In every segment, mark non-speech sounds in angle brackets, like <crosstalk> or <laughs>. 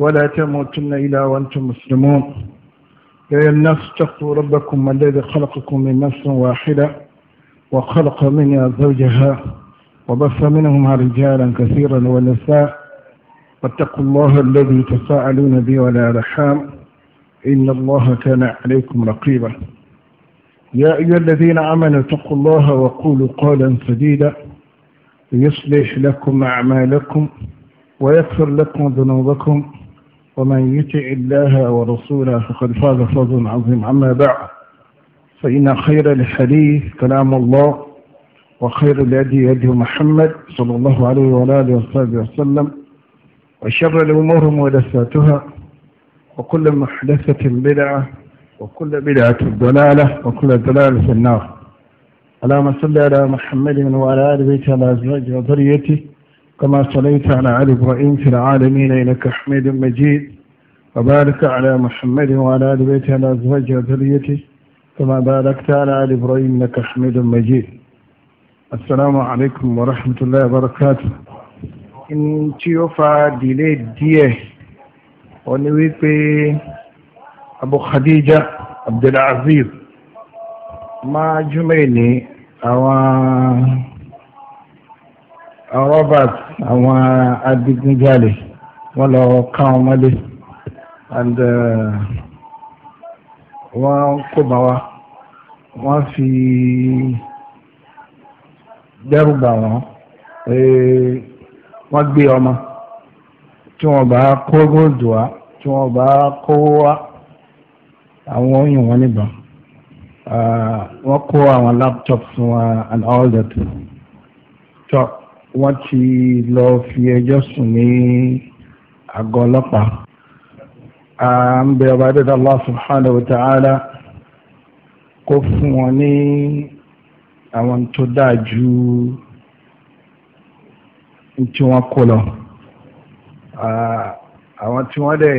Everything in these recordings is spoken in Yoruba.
ولا تموتن إلا وأنتم مسلمون يا أيها الناس اتقوا ربكم الذي خلقكم من نفس واحدة وخلق منها زوجها وبث منهما رجالا كثيرا ونساء واتقوا الله الذي تساءلون به ولا رحام إن الله كان عليكم رقيبا يا أيها الذين آمنوا اتقوا الله وقولوا قولا سديدا يصلح لكم أعمالكم ويغفر لكم ذنوبكم ومن يطع الله ورسوله فقد فاز فوزا عظيما أما بعد فإن خير الحديث كلام الله وخير الهدي هدي محمد صلى الله عليه وآله وصحبه وسلم وشر الأمور محدثاتها وكل محدثة بدعة وكل بدعة ضلالة وكل ضلالة في النار اللهم صل على محمد وعلى آل بيته وعلى وذريته كما صليت على آل إبراهيم في العالمين إنك حميد مجيد وبارك على محمد وعلى آل بيته على أزواجه وذريته كما باركت على آل إبراهيم إنك حميد مجيد السلام عليكم ورحمة الله وبركاته n tí ó fa dìlé díẹ̀ ó ní wípé Abu Khadija Abdulaziz Robert àwọn adigunjalè wọ́n lọ ká wọn and uh, wọ́n kó bá wa wọ́n fi dẹ́rù bà wọ́n wọ́n gbé ọmọ tí wọ́n bá kó góòdù wa tí wọ́n bá kó wa àwọn oyin wọn níbọn uh, wọ́n kó àwọn laptops wọn and all that tọ́. wọ́n ti lọ fi ẹjọ́ sùn ní àgọ́ ọlọ́pàá à ń bẹ ọba dẹ́dá Allah subhanahu wa ta'ala kó fún wọn ní àwọn tó dáa ju tí wọ́n kó lọ àwọn tí wọ́n dẹ̀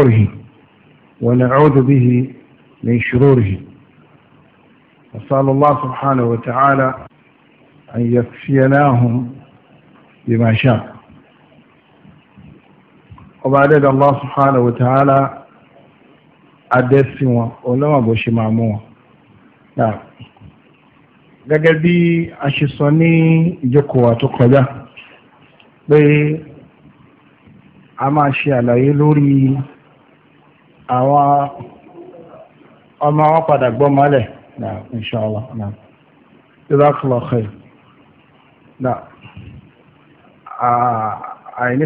ṣe ونعوذ به من شروره أسأل الله سبحانه وتعالى أن يكفيناهم بما شاء وبعد الله سبحانه وتعالى أدسوا ولما بوشي معموه نعم gẹ́gẹ́ bí a ṣe sọ ní ìjókòó wa kọjá pé a máa ṣe àlàyé lórí àwọn ọmọ wọn padà gbọ́ mọ́lẹ̀ na inṣọ́lá náà ìlàkùlọ̀ ọ̀kẹ́ náà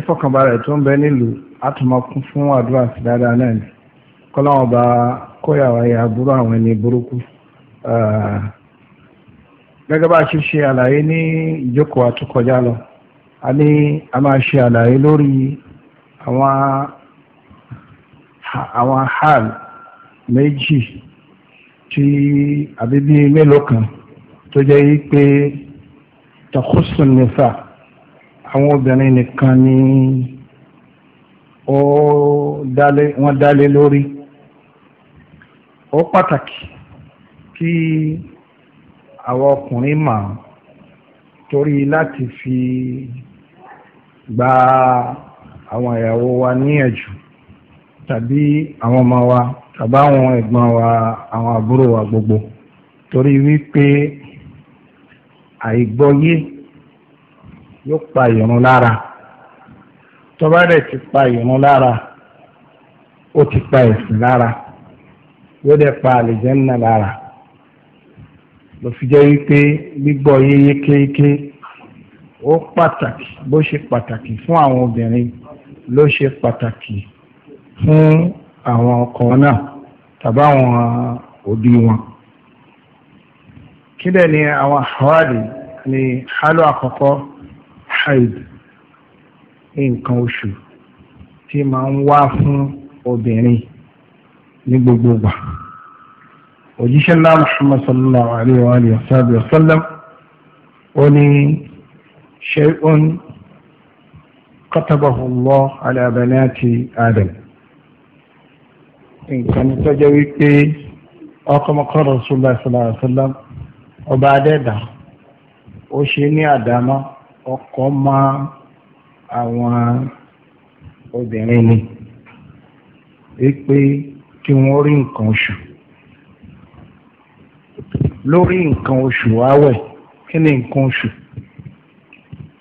tó ń bẹ nílùú àtúmọ̀kún fún àdúrà sí dáadáa náà ni kọ́láwọn bá kóyàwó ẹ̀yà àbúrò àwọn ẹni burúkú gẹ́gẹ́ bá a ṣe ṣe àlàyé ní ìjókòó àtúkọjá lọ a a máa ṣe àlàyé lórí àwọn àwọn hal méjì tí àbí bíi mélòó kan tó jẹ́ yí pé takosun nìfà àwọn obìnrin nìkan ni ó dálé wọ́n dálé lórí ó pàtàkì kí àwọn ọkùnrin mà torí láti fi gba àwọn ìyàwó wa níyànjú tàbí àwọn ọmọ wa tàbí àwọn ẹ̀gbọ́n wa àwọn àbúrò wa gbogbo torí wípé àìgbọ́yé yóò pa ìrun lára tó bá dẹ̀ ti pa ìrun lára ó ti pa ẹ̀sìn lára yóò dẹ̀ pa àlìjẹ́nnà lára ló fi jẹ́ wípé gbígbọ́ yéye kéékèé ó pàtàkì bó ṣe pàtàkì fún àwọn obìnrin ló ṣe pàtàkì fún àwọn ọkọ náà tàbí àwọn òbí wọn. kí dẹ̀ ni àwọn àwádìí ni hálò àkọ́kọ́ haid nǹkan oṣù tí máa ń wá fún obìnrin ní gbogbo ìgbà òjíṣẹ́ ńlá muhammad sallallahu alayhi wa sallam ó ní shay'un katabahu allah ala banati adam nǹkan tó jẹ́ wípé ọkọ̀mọkọ̀ Rasulullah sallallahu alaihi wasallam ọba adẹ́dà ó ṣe ní àdámọ́ ọkọ̀ máa àwọn obìnrin ni wípé kí wọ́n rí nǹkan oṣù lórí nǹkan oṣù àwẹ̀ kí ni nǹkan oṣù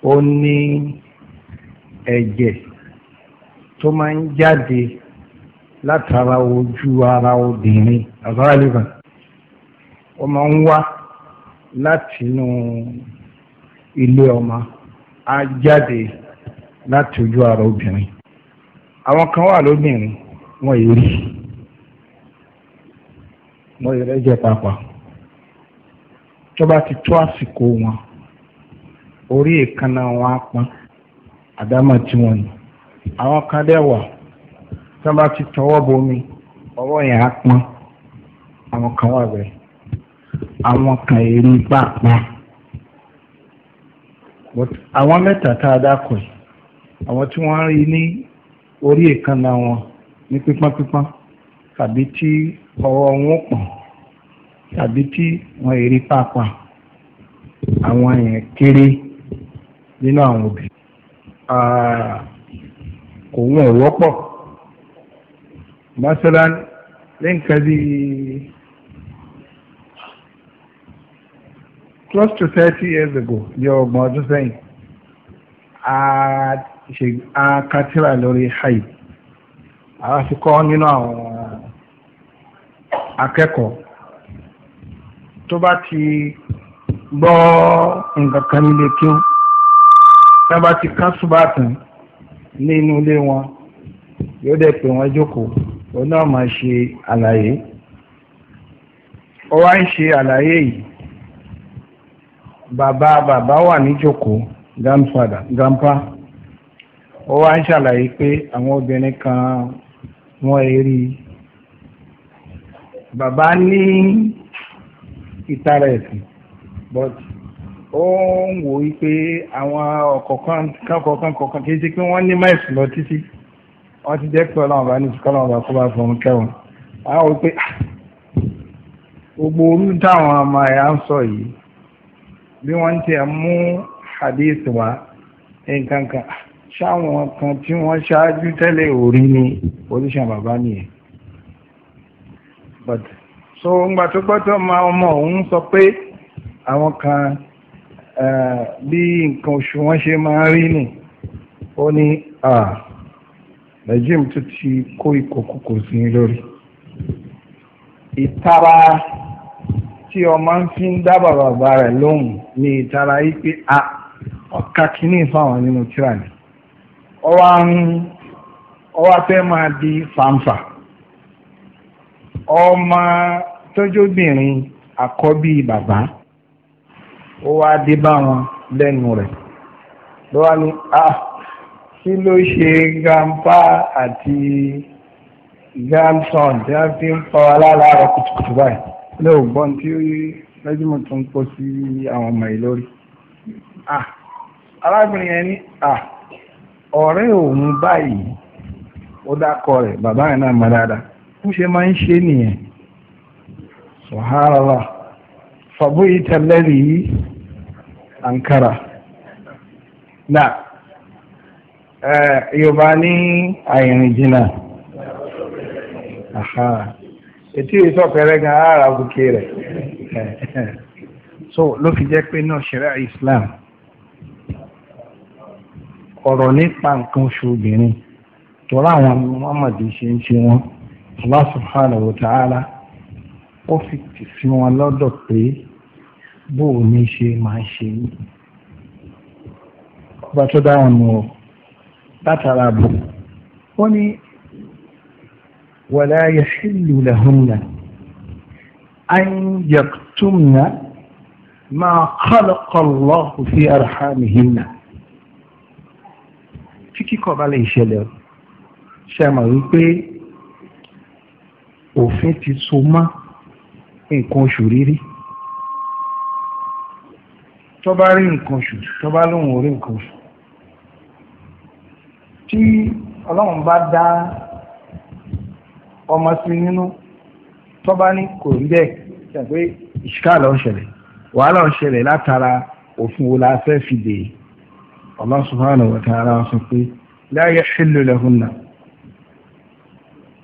ó ní ẹ̀jẹ̀ tó máa ń jáde látara ojú ara obìnrin àgbáyéba wọ́n máa ń wá látinú ilé ọmọ á jáde láti ojú ara obìnrin àwọn kan wà lóbìnrin wọn yìí rí wọn yìí rẹ́jẹ pàápàá tó bá ti tó àsìkò wọn orí èékánná wọn á pọn àdámọ̀ tí wọ́n ní àwọn kan dẹ̀ wà. tó ti tọwọ́ bomi ọwọ́ yẹn á pọ́n àwọn kan wà bẹ́ẹ̀ àwọn kan èrè pàápàá àwọn mẹ́ta tá a dákọ̀ yìí àwọn tí wọ́n rí ní orí èékánná wọn ní pípánpípán, tàbí tí ọwọ́ wọn pọ̀n tàbí tí wọ́n èrè pàápàá àwọn yẹn kéré nínú àwọn obìnrin kò wọ́n wọ́pọ̀. masalan ní nǹkan close to thirty years ago ní ọgbọ̀n ọdún sẹ́yìn a kátìrà lórí haid àwọn àfikọ́ nínú àwọn akẹ́kọ̀ọ́ tó bá ti gbọ́ nǹkan kan nílé kí ó tá bá ti ká súbà tán ní inú ilé wọn yóò dẹ̀ pè wọ́n jókòó òun náà máa ṣe àlàyé ó wá ń ṣe àlàyé yìí bàbá bàbá wà níjókòó grandfather grandpa ó wá ń ṣàlàyé pé àwọn obìnrin kan wọ́n rí bàbá ní ìtara but ó ń wò wípé àwọn ọ̀kọ̀ọ̀kan kankan kankan kì í ṣe pé wọ́n ní máìsì lọ títí wọ́n ti jẹ́ pé ọlọ́run bá ní ti kọ́lọ́run bá kó bá fọ̀n kẹ́wọ̀n àwọn pé ah, gbogbo orú táwọn ọmọ ẹ̀yà ń sọ yìí bí wọ́n ti ẹ̀ mú hadith wá nǹkan kan ah, ṣáwọn kan tí wọ́n ṣáájú tẹ́lẹ̀ òrí ni oníṣẹ́ bàbá nìyẹn but so ngbà tó gbọ́tọ̀ máa ọmọ òun sọ pé àwọn kan eh, bí nǹkan oṣù wọn ṣe máa rí ni ó ní. Ah, Najim tó ti kó ìkòkòkò sí lórí ìtara tí ọmọ ń fi ń dá bàbá rẹ̀ lóhùn ní ìtara yìí pé a ọ̀ka kìíní fáwọn nínú tíra ni ọwọ́ ń ọwọ́ fẹ́ máa di fàǹfà ọmọ tójóbìnrin àkọ́bí bàbá ó wá dé bá wọn lẹ́nu rẹ̀ lọ́wọ́ ni a. Ah, kí ló ṣe grandpa àti grandson tí wọ́n fi ń kùtùkùtù báyìí lè ò gbọ́n tí lẹ́jìmọ̀ tó ń kó sí àwọn ọmọ yìí lórí. arábìnrin yẹn ní ọ̀rẹ́ òun báyìí ó dákọ rẹ̀ bàbá yẹn náà mọ dáadáa bó ṣe máa ń ṣe nìyẹn ankara náà. yorùbá ní àìrìn jìnnà etí ìsọ̀kẹ́rẹ́ gan ara òkè rẹ̀ so ló fi jẹ́ pé náà ṣẹ̀rẹ́ islam ọ̀rọ̀ nípa nǹkan oṣù obìnrin tọ́lá àwọn mọ́mọ́dé ṣe ń ṣe wọn Allah subhanahu wa ó fi tì sí wọn pé ní ṣe máa ṣe yìí ọba tó látara bò wọ́n ní wàlá yahillu lahunna an yaktumna ma khalaqa Allahu fi arhamihinna tí kíkọ̀ bá lè ṣẹlẹ̀ ṣe mọ̀ wípé òfin ti so mọ́ nǹkan oṣù rírí tó bá rí nǹkan oṣù tó bá lóun ò rí nǹkan oṣù tí ọlọ́run bá dá ọmọ sí nínú tọ́ba ní kò rí bẹ́ẹ̀ ṣe pé ìṣìkàlọ̀ ń ṣẹlẹ̀ wàhálà ń ṣẹlẹ̀ látara òfin wo la fẹ́ fi dè Allah subhanahu wa ta'ala sọ pé la yahillu lahunna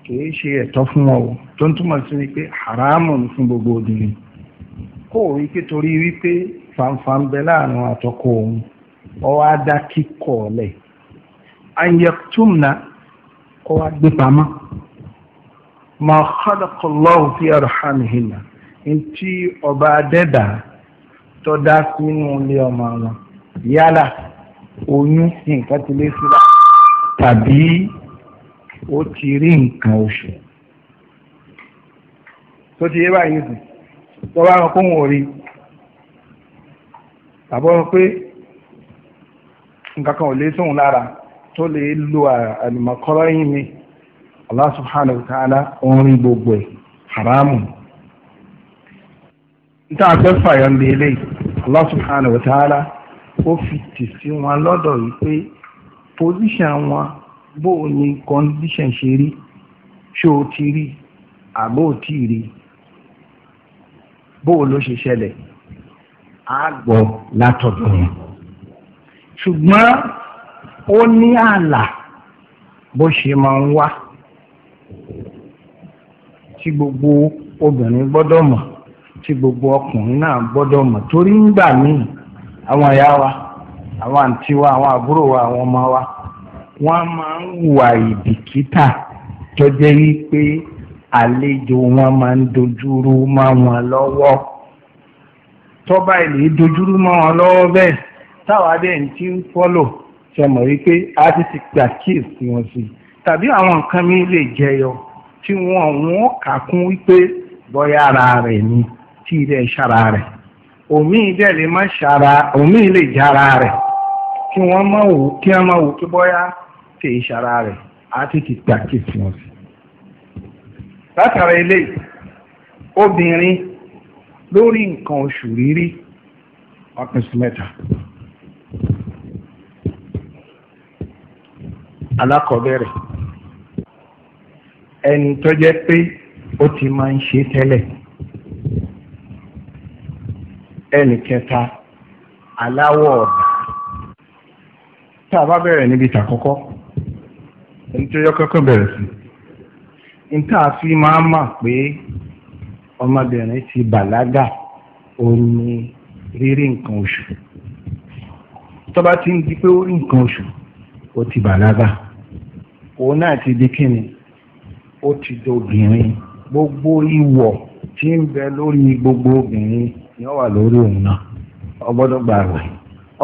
kìí ṣe ẹ̀tọ́ fún wọn o tó ń túmọ̀ sí wípé haramu fún gbogbo obìnrin kó o rí pé torí wípé fanfan bẹ láàrin àtọkọ òun ọ wá dá kíkọ ọ̀lẹ̀ anyaktumna kó wá gbé pamọ́ ma khalaqallahu fi arhamihinna ntí ọba adẹ́dà tó dá sínú ilé ọmọ wọn yálà oyún nǹkan ti lé síra tàbí ó ti rí nǹkan oṣù tó ti yé báyìí sùn tó bá wọn kó wọn rí tàbí tole lè lo àlùmọ̀kọ́rọ́ yìí ni Allah subhanahu wa ta'ala orin gbogbo ẹ̀ haramu nta fẹ́ fàyọ̀ ń lélẹ̀ Allah subhanahu wa ta'ala ó fi tì wọn lọ́dọ̀ yìí pé pòsíṣàn wọn bó o ní kọ́ndíṣàn ṣe rí ṣé o ti rí àbó o ti rí bó o ló ṣe ṣẹlẹ̀ á gbọ́ látọ̀dọ̀ yẹn ṣùgbọ́n. ó ní ààlà bó ṣe máa ń wá tí gbogbo obìnrin gbọ́dọ̀ mọ̀ tí gbogbo ọkùnrin náà gbọ́dọ̀ mọ̀ torí ńgbà míì àwọn ìyá wa àwọn àǹtí wa àwọn àbúrò wa àwọn ọmọ wa wọ́n máa ń hùwà ìbìkítà tó jẹ́ wípé àlejò wọn máa ń dojúrú mọ́ wọn lọ́wọ́ tọ́ba ilé dojúrú mọ́ wọn lọ́wọ́ bẹ́ẹ̀ táwa bẹ́ẹ̀ ń ti ń fọ́lò ṣe mọ̀ wípé a ti ti pè àkíyèsí wọn sí tàbí àwọn nǹkan mi lè jẹyọ tí wọn wọn kà kún wípé bóyá ara rẹ̀ ni tí ilé ṣara rẹ̀ òmíì dẹ̀ lè má ṣara òmíì lè jára rẹ̀ kí wọ́n má wò kí wọ́n má wò pé bóyá tè é ṣara rẹ̀ a ti ti pè àkíyèsí wọn sí. látara eléyìí obìnrin lórí nǹkan oṣù rírí ọkùnrin sí mẹ́ta. alákọ̀ọ́bẹ̀rẹ̀ ẹni tó jẹ́ pé ó ti máa ń ṣe tẹ́lẹ̀ ẹnì kẹta aláwọ̀ ọ̀dà tá a bá bẹ̀rẹ̀ níbi ìtàkọ́kọ́ ẹni tó yọ kọ́kọ́ bẹ̀rẹ̀ sí fi máa ń ti bàlágà rírí nǹkan oṣù tó bá ti ń di pé òun náà ti di kíni ó ti di gbogbo ìwọ̀ tí ń bẹ lórí gbogbo obìnrin ni ó wà lórí òun náà ọgbọdọ gbọ́dọ̀ gbà wẹ̀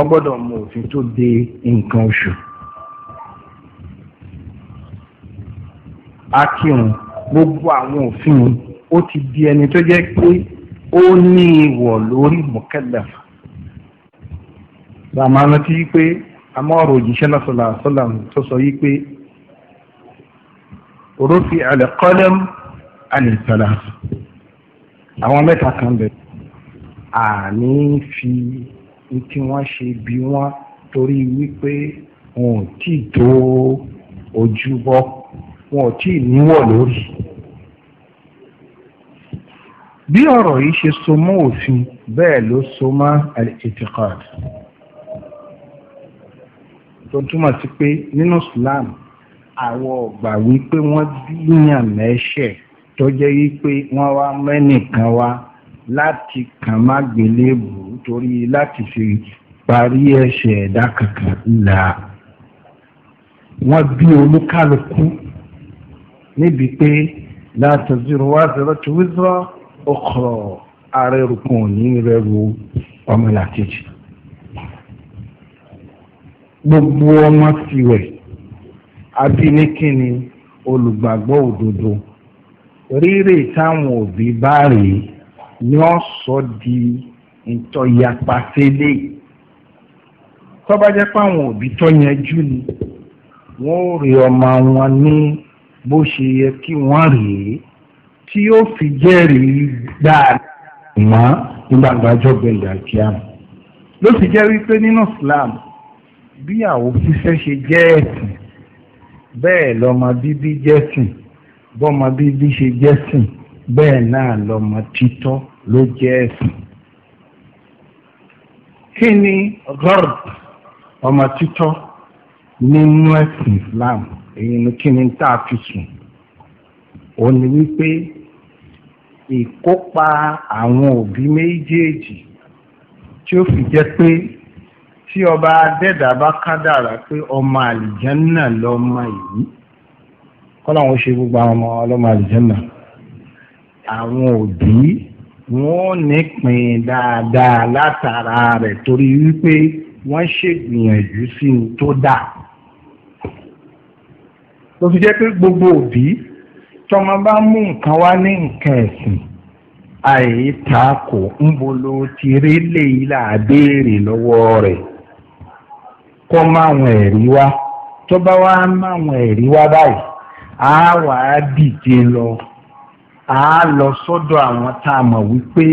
ó gbọ́dọ̀ mọ òfin tó de nǹkan oṣù. akírun gbogbo àwọn òfin ó ti di ẹni tó je pé ó ní ìwọ̀ lórí mọ̀kẹ́lẹ̀f. bàmánà ti yí pé amọ́ ọ̀rọ̀ òjíṣẹ́ lọ́sọ̀lá sọ́là tó sọ yí pé rufi al-qalam al-thalath àwọn mẹ́ta kan bẹ̀ àní fi tí wọ́n ṣe bí wọ́n torí wípé wọn ò tí ì tó ojú bọ́ wọn ò tí ì lórí. bí ọ̀rọ̀ yìí ṣe so mọ́ òfin bẹ́ẹ̀ ló so mọ́ al tó túmọ̀ sí pé nínú Islam àwọn ọ̀gbà wípé wọ́n bíyàn mẹ́ṣẹ̀ tó jẹ́ wípé wọ́n wá mẹ́nìkan wá láti kàn má gbélébù torí láti fi parí ẹ̀ṣẹ̀ ẹ̀dá kankan là wọ́n bí olúkálukú níbi pé láti zero wá zero two zero ọkọ̀ arẹ́rùkùn ní rẹ́rù ọmọlàkejì gbogbo ọmọ tiwẹ̀ àbí ní kíni olùgbàgbọ́ òdodo rírè táwọn òbí bá rè é ni wọ́n sọ di ìtọ̀yàpàtẹ́lẹ̀ tọ́ba jẹ́ páwọn òbí tó yanjú ni wọ́n ó rí ọmọ wọn ní bó ṣe yẹ kí wọ́n rè é tí yóò fi jẹ́rìí dáadáa mọ́ nígbà gbàjọ́ gbẹ̀yà kíá ló fi jẹ́ wípé nínú Islam bíyàwó fífẹ́ ṣe jẹ́ ẹ̀sìn bẹ́ẹ̀ lọ́mọ bíbí jẹ́sìn bọ́mọ bíbí ṣe jẹ́sìn bẹ́ẹ̀ náà lọ́mọ títọ́ ló jẹ́ ẹ̀sìn. kí ni gord ọmọ títọ́ nínú ẹ̀sìn Islam èyí ni kí ni tá a fi sùn òun ni wípé ìkópa àwọn òbí méjèèjì tí ó fi jẹ́ pé tí ọba adẹ́dà bá kádàrà pé ọmọ àlìjánná lọ́mọ yìí kọ́láwọn ṣe gbogbo àwọn ọmọ ọlọ́mọ àlìjánná àwọn òbí wọn ò nípìn dáadáa látara rẹ̀ torí wípé wọ́n ṣègbìyànjú sí ní tó dà ló fi jẹ́ pé gbogbo òbí tọ́mọ bá mú nǹkan wá ní nǹkan ẹ̀sìn àìta kò ń bolo tiré lè là béèrè lọ́wọ́ rẹ̀ kó máwọn ẹ̀rí wá tó bá wá máwọn ẹ̀rí wá báyìí á wà á dìde lọ á lọ sọ́dọ̀ àwọn tá a mọ̀ wípé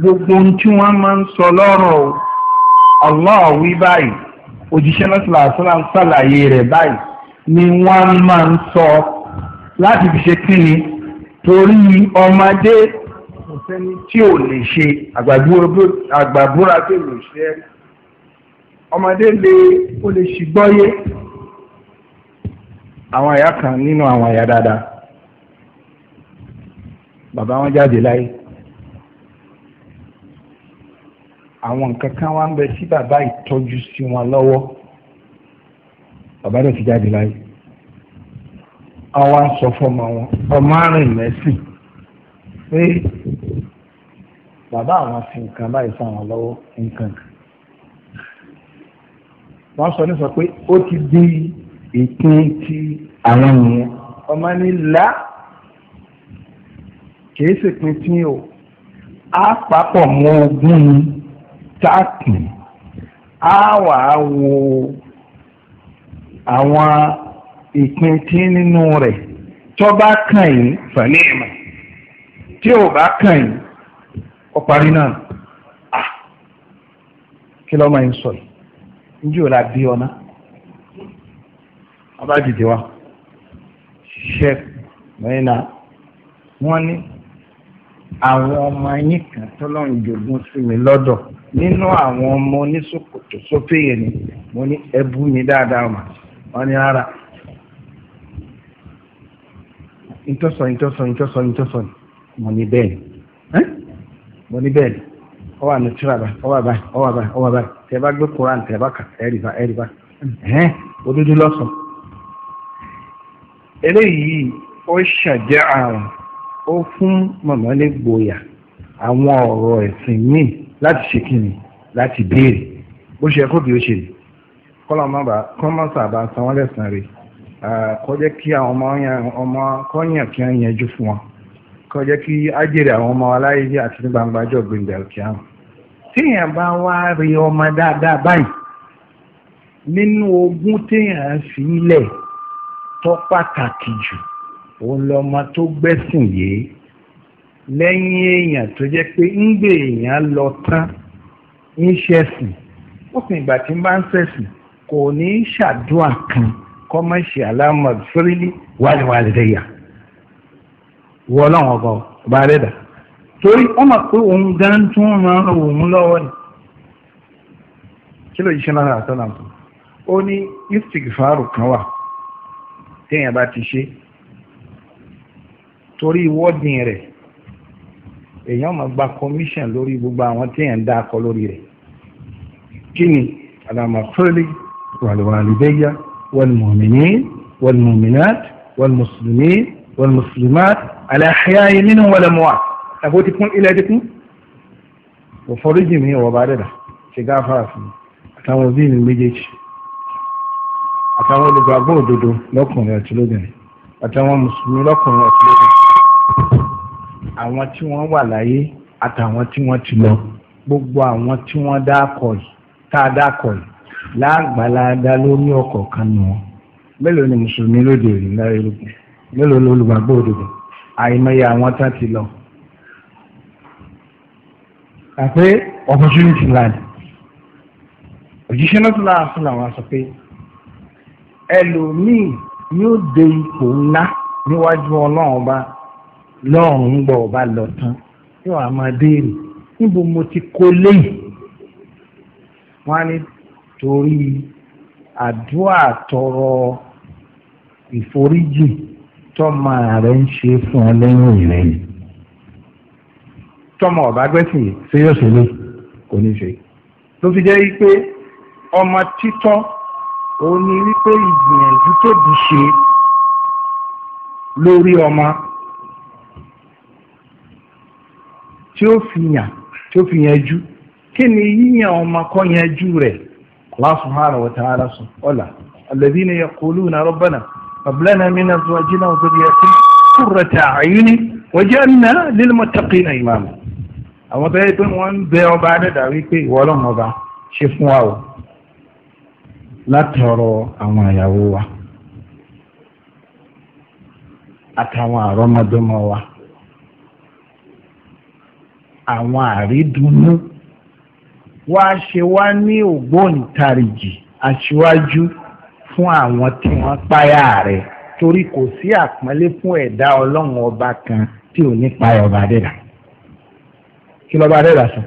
gbogbo ohun tí wọ́n máa ń sọ lọ́rọ̀ o Allah wí báyìí òjíṣẹ́ lọ́sọ̀lá ṣàlàyé rẹ̀ báyìí ni wọ́n máa ń sọ láti fi ṣe kíni torí ọmọdé kò sẹ́ni tí ò lè ṣe àgbàbúra tó lè ṣe ẹ́ ọmọdé lè ó lè ṣìgbọ́yé àwọn àyà kan nínú àwọn àyà dáadáa bàbá wọn jáde láyé àwọn nǹkan kan wá ń bẹ sí bàbá ìtọ́jú sí wọn lọ́wọ́ bàbá rẹ̀ ti jáde láyé àwọn sọ fọmọ wọn ọmọ àrùn mẹ́sìn pé bàbá àwọn fi nǹkan báyìí fáwọn lọ́wọ́ nǹkan kan wọ́n sọ nísọ pé ó ti di ìpín ti àwọn nìyẹn ọmọ ní là kìí ṣèpín tí o á papọ̀ mọ́ ogún ni tá a pín á wà á wo àwọn ìpín tí nínú rẹ̀ tó bá kàn yín fẹ̀lẹ́ ìmọ̀ tí ò bá kàn yín ó náà ah! kí ló máa ń sọ yìí njẹ́ ò la bí ọ ná ọba dìde wa ṣiṣẹ́ mẹ́rin wọ́n ní àwọn ọmọ yín kan tọ́lọ́run jogún sí mi lọ́dọ̀ nínú àwọn ọmọ oníṣòkòtò sókè yẹn ni mo ní ẹbú mi dáadáa mà wọ́n ní rárá ìtọ́sọ̀ ìtọ́sọ̀ ìtọ́sọ̀ ìtọ́sọ̀ mo ní bẹ́ẹ̀ ni mo ní bẹ́ẹ̀ ni ọwọ́ àná tíra báyìí ọwọ́ àbáyìí ọwọ́ àbáyìí ọwọ́ àbáyìí tẹ bá gbé koran tẹ bá kà ẹrì bá ẹrì bá ẹhẹn odúdú lọsàn. eléyìí ó ṣàjẹ́ àrùn ó fún màmá ní gboyà àwọn ọ̀rọ̀ ẹ̀sìn míì láti ṣe kíni láti béèrè bó ṣe kó bí ó ṣe lè kọ́lá ọmọ bá kọ́mọ́sà bá san wọ́n lẹ́sàn rè kó kí àwọn ọmọ ọmọ kọ́yàn kí wọ́n yanjú fún wọn kó kí á àwọn ọmọ aláyé àti gbangba ọjọ́ gbìndẹ̀ òkè àwọn téèyàn bá wá rí ọmọ dáadáa báyìí nínú ogún téèyàn fi lẹ̀ tó pàtàkì jù òun lọmọ tó gbẹ́sìn yìí lẹ́yìn èèyàn tó jẹ́ pé ń gbé èèyàn lọ tán ń ṣẹ̀sìn lópin ìgbà tí ń bá ń ṣẹ̀sìn kò ní í ṣàdúrà kan kọ́ mọ́ ṣe aláàmọ̀ fúrílì wàlíwàlí rẹ̀ yà wọ́n lọ́wọ́ ọba ọba rẹ̀ dà torí ọmọ pé òun gan tún máa ń òun lọ́wọ́ ni kí ló yí ṣe lára àtọ́nà tó ó ní istigfaru kan wà téèyàn bá ti ṣe torí wọ́ọ̀dìn rẹ̀ èèyàn máa gba commission lórí gbogbo àwọn téèyàn dá akọ lórí rẹ̀ kí ni alamakoli wàlúwàlúdẹ́yà wàlúmọ̀mìnì wàlúmọ̀mìnàt wàlúmùsùlùmí wàlúmùsùlùmát aláhíyáyé nínú wàlúmùwàt ẹ̀kọ́ ti kún ilẹ̀ ti kún òfòríjì mi ìwọ̀ bá dẹ̀dà ṣe gáfàrà fún mi àtàwọn òbí mi méjèèjì àtàwọn olùgbàgbọ́ òdodo lọ́kùnrin àti lóbìnrin àtàwọn mùsùlùmí lọ́kùnrin àti lóbìnrin àwọn tí wọ́n wà láyé àtàwọn tí wọ́n ti lọ gbogbo àwọn tí wọ́n dákọ̀ yìí tá a dákọ̀ yìí láàgbàládá lórí ọkọ̀ kan nù wọn mélòó ni mùsùlùmí lóde òní láyé lókun mélòó ni olùgbàgbọ́ òdodo àìmọye àwọn tá ti lọ àpé opportunity land òjíṣẹ́ náà tún lára fún làwọn sọ pé ẹlòmíì yóò dé ipò ńlá níwájú ọba lọ́rùn ń ọba lọ torí àdúrà tọrọ ìforíjì tọ ma rẹ̀ ń ṣe fún ọ tọmọ ọba gbẹ́sìn yìí ṣé yóò ṣe ní kò ní ṣe ló fi jẹ́ wípé ọmọ títọ́ òun ni wípé ìgbìyànjú tóbi ṣe lórí ọmọ tí ó fi yàn tí ó fi yanjú kí ni yíyan ọmọ kọ́ yanjú rẹ̀ Allah subhanahu wa ta'ala sọ ọ̀la alladhina yaquluna rabbana hab lana min azwajina wa dhurriyyatina qurrata a'yunin waj'alna lil muttaqina imama àwọn tó yẹ pé wọ́n ń bẹ ọba adẹ́dà wípé ìwọ ọlọ́run ọba ṣe fún wa o látọ̀rọ̀ àwọn ìyàwó wa àtàwọn àrọ́mọdọ́mọ wa àwọn àrídùnnú wá ṣe wá ní ògbóǹtarìjì aṣíwájú fún àwọn tí wọ́n páyà rẹ̀ torí kò sí àpọ́nlé fún ẹ̀dá ọlọ́run ọba kan tí ò ní páyà ọba dẹ́dà kí lọ́ba adẹ́dà sọ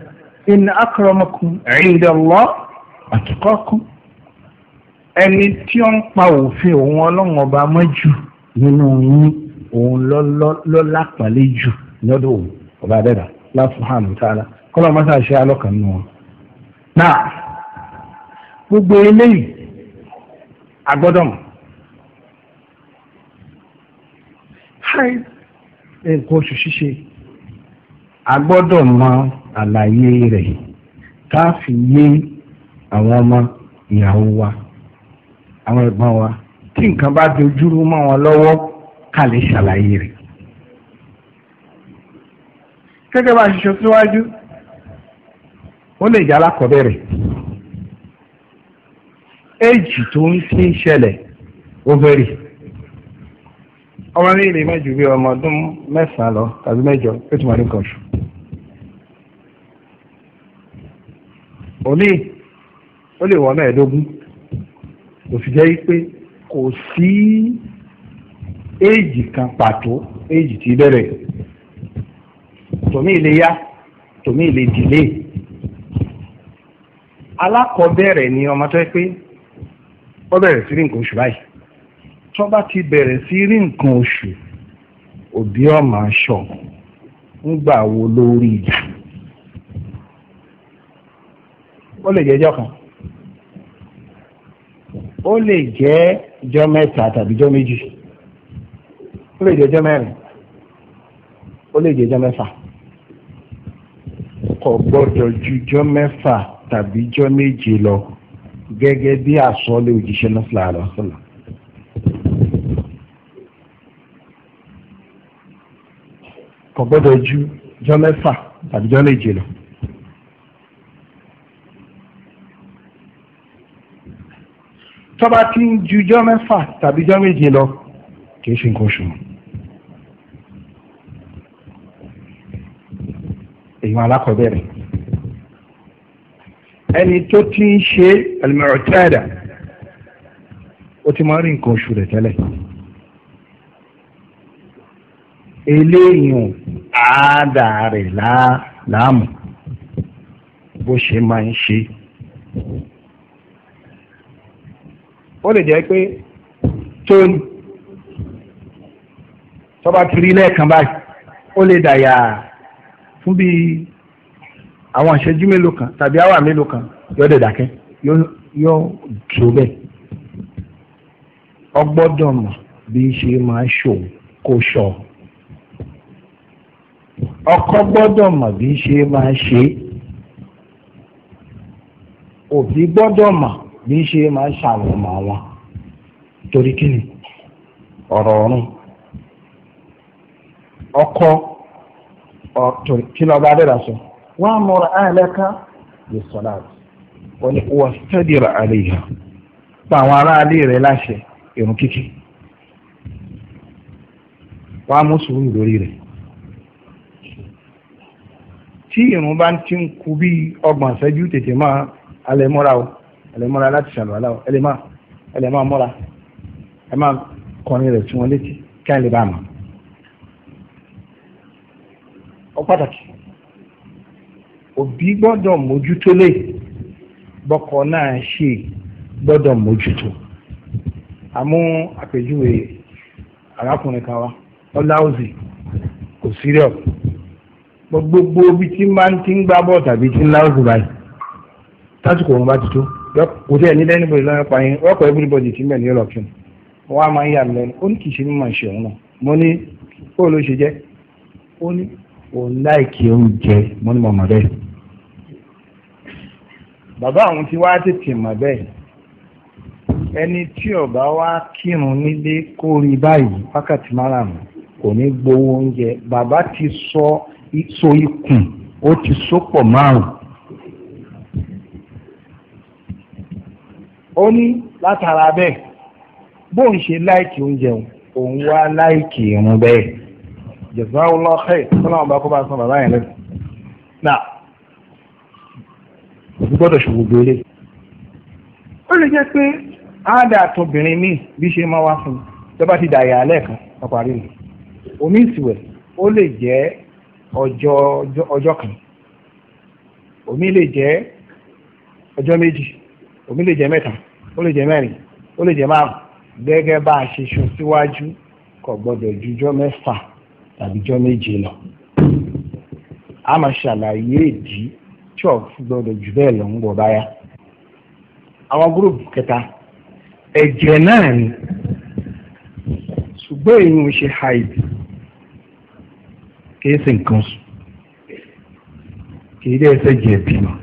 in akramakum inda Allah atqakum ẹni tí ó ń pa òfin òun ọlọ́run ọba mọ́jú nínú yín òun lọ́lápàlẹ́ jù lọ́dọ̀ òun ọba adẹ́dà subhanahu wa ta'ala kọ́lọ́ mọ́tà ṣe alọ́kàn nù wọn. náà gbogbo eléyìí agbọ́dọ̀ mọ̀ háì nǹkan oṣù ṣíṣe a gbọ́dọ̀ mọ àlàyé rẹ̀ ká fi yé àwọn ọmọ ìyàwó wa àwọn ẹ̀gbọ́n wa tí nǹkan bá dojúrú mọ́ wọn lọ́wọ́ ká lè ṣàlàyé rẹ̀. gẹ́gẹ́ bá a ṣe sọ síwájú ó lè jẹ́ alákọ̀ọ́bẹ̀rẹ̀ éèjì tó ń fi ṣẹlẹ̀ ó bẹ̀rẹ̀ ọmọ ní bí ọmọ ọdún mẹ́sàn-án lọ tàbí mẹ́jọ ó ti ní òní ó lè wọ́n mẹ́ẹ̀ẹ́dógún kò sì jẹ́ pé kò sí éèjì kan pàtó éèjì tí bẹ̀rẹ̀ tòmí lè yá tòmí lè dìlé alákọ̀ọ́bẹ̀rẹ̀ ni ọmọ tó yẹ pé ó bẹ̀rẹ̀ sí rí nǹkan oṣù báyìí tó bá ti bẹ̀rẹ̀ sí rí nǹkan oṣù òbí ọmọ aṣọ ń gbà wo lórí ìjà. ó lè jẹ́ ìjọ kan ó lè jẹ́ ìjọ mẹ́ta tàbí ìjọ méjì ó lè jẹ́ ìjọ mẹ́rin ó lè jẹ́ ìjọ mẹ́fà kò gbọ́dọ̀ ju ìjọ mẹ́fà tàbí ìjọ méje lọ gẹ́gẹ́ bí àsọlé òjíṣẹ́ náà fúlà rẹ̀ fúlà. kò gbọ́dọ̀ ju ìjọ mẹ́fà tàbí ìjọ méje lọ. tó bá ti ń jujọ́ mẹ́fà tàbí jọ́ méje lọ kì í ṣe nǹkan oṣù èèyàn alákọ̀ọ́bẹ̀rẹ̀ ẹni tó ti ń ṣe ẹlẹ́mọ̀tẹ́ẹ̀dà ó ti máa ń rí nǹkan oṣù rẹ̀ tẹ́lẹ̀ eléyìn àádà rẹ̀ láàmú bó ṣe máa ń ṣe ó lè jẹ́ pé tóun tọ́ba ti rí lẹ́ẹ̀kan báyìí ó lè dàyà fún bíi àwọn ìṣẹ́jú mélòó kan tàbí àwà mélòó kan yóò dẹ̀ dákẹ́ yóò tó bẹ́ẹ̀ ọgbọ́dọ̀ mọ̀ bí ṣe máa ṣòwò kó ṣọ ọkọ gbọ́dọ̀ mọ̀ bí ṣe máa ṣe òbí gbọ́dọ̀ mọ̀ bí ń ṣe máa ń ṣàwọ̀mọ̀ àwọn torí kí ni ọ̀rọ̀ ọ̀run ọkọ kí lọ́ba adẹ́rà sọ wọ́n á mọ̀ra àìlẹ́ka lè sọ̀rọ̀ àti wọ́n ní wọ́n tẹ́lẹ̀ rà àlẹ́ yìí pa àwọn aráalé rẹ̀ láṣẹ irun kíkí wọ́n á mú sùúrù lórí rẹ̀ tí irun bá ti ń kú bí ọgbọ̀n ìṣẹ́jú tètè máa alẹ́ mọ́ra o ẹlẹ́mọ́ra láti ṣàlùwàlá o ẹlẹ́mọ́ ẹlẹ́mọ́ mọ́ra ẹ máa kọrin rẹ̀ tí wọ́n létí kí wọ́n lè bá a mọ̀ ọ pàtàkì òbí gbọ́dọ̀ mójútó lè bọ́kọ náà ṣe gbọ́dọ̀ mójútó àmú àpèjúwe arákùnrin kan wa ọláòzì kò sírẹ̀ gbogbo ibi tí máa ń ti ń gbá bọ́ọ̀ tàbí tí ń láòzì báyìí tásìkò òun bá ti tó kò tẹ́ ẹ̀ ní lẹ́nu bòdì lọ́yọ́ pààyàn rọ́pò everybody ti mẹ́ ní ọlọ́kìn wọ́n á máa ń yà mí lẹ́nu ó ní kì í ṣe mímọ̀ ṣe òun náà mo ní kó ló ṣe jẹ́ ó ní òun láìkí oúnjẹ mo ní mo mọ̀ bẹ́ẹ̀. bàbá àwọn ti wá tètè mọ̀ bẹ́ẹ̀ ẹni tí ọba wá kírun nílé kó rí báyìí wákàtí márùn kò ní gbowó oúnjẹ bàbá ti sọ ikùn ó ti so pọ̀ márùn-ún ó ní látara bẹ́ẹ̀ bóun ṣe láìkì oúnjẹ òun wá láìkì irun bẹ́ẹ̀ jazakallahu khair sọ́nà ọba kó bá san bàbá yẹn lẹ́sìn. nà òbí gbọ́dọ̀ ṣòwò gbélé. ó lè jẹ́ pé áádà tóbìnrin míì bí ṣe máa wá fún un tó ti dàyà lẹ́ẹ̀kan ọparí nù. omi ìsìwẹ̀ ó lè jẹ́ ọjọ́ kan omi lè jẹ́ ọjọ́ méjì omi lè jẹ mẹ́ta ó lè jẹ mẹ́rin ó lè jẹ márùn gẹ́gẹ́ bá a ṣe sọ síwájú kò gbọ́dọ̀ jújọ́ mẹ́fà tàbí jọ́ méje lọ a máa ṣàlàyé ìdí tí ò gbọ́dọ̀ jù bẹ́ẹ̀ lọ ń bọ̀ báyà àwọn gúrùpù kẹta ẹ̀jẹ̀ náà ni ṣùgbọ́n èyí ṣe haid kìí ṣe nǹkan sùn kìí dẹ́ ẹsẹ̀ jẹ̀bi mọ́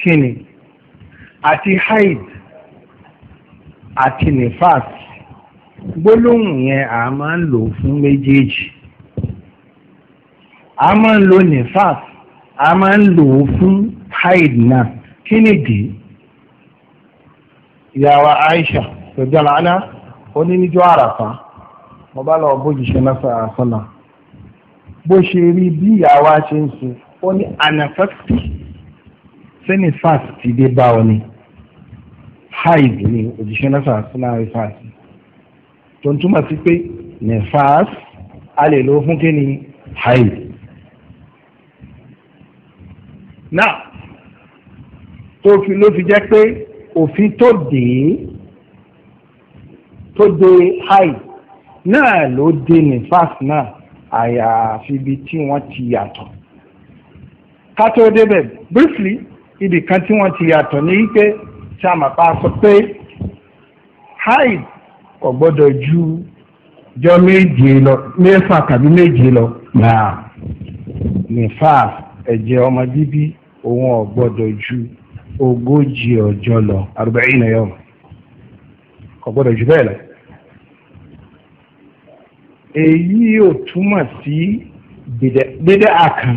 kí ni àti haid àti nifas gbólóhùn yẹn a máa ń lò fún méjèèjì a máa ń lo nifas a máa ń lò fún haid náà kí nìdí ìyàwó Aisha rẹ̀jọ́lá aná oníníjọ́ àràfà mo bá lọ bójúṣe lọ́sọ̀ àṣọlá bó ṣe rí bí ìyàwó ṣe ń ṣe ó ní anafẹ́tì sẹ́ni fásitì dé bá ọ ni haid ni òjíṣẹ́ lásán sílá ifas tó ń túmọ̀ sí pé nefas a lè lò fún kí ni haid. náà tó fi ló fi jẹ́ pé òfin tó dé tó dé haid náà ló dé nefas náà àyàfi ibi tí wọ́n ti yàtọ̀ ká tó débẹ̀ briefly ibì kan tí wọ́n ti yàtọ̀ ní wípé tí a máa pa sọ pé haid kò gbọ́dọ̀ ju jọ méje lọ mẹ́fà tàbí méje lọ náà nifas ẹ̀jẹ̀ ọmọ bíbí òun ò gbọ́dọ̀ ju ogójì ọjọ́ lọ arba'ina yawm kò gbọ́dọ̀ ju bẹ́ẹ̀ lọ. èyí ò túmọ̀ sí dídá àkàn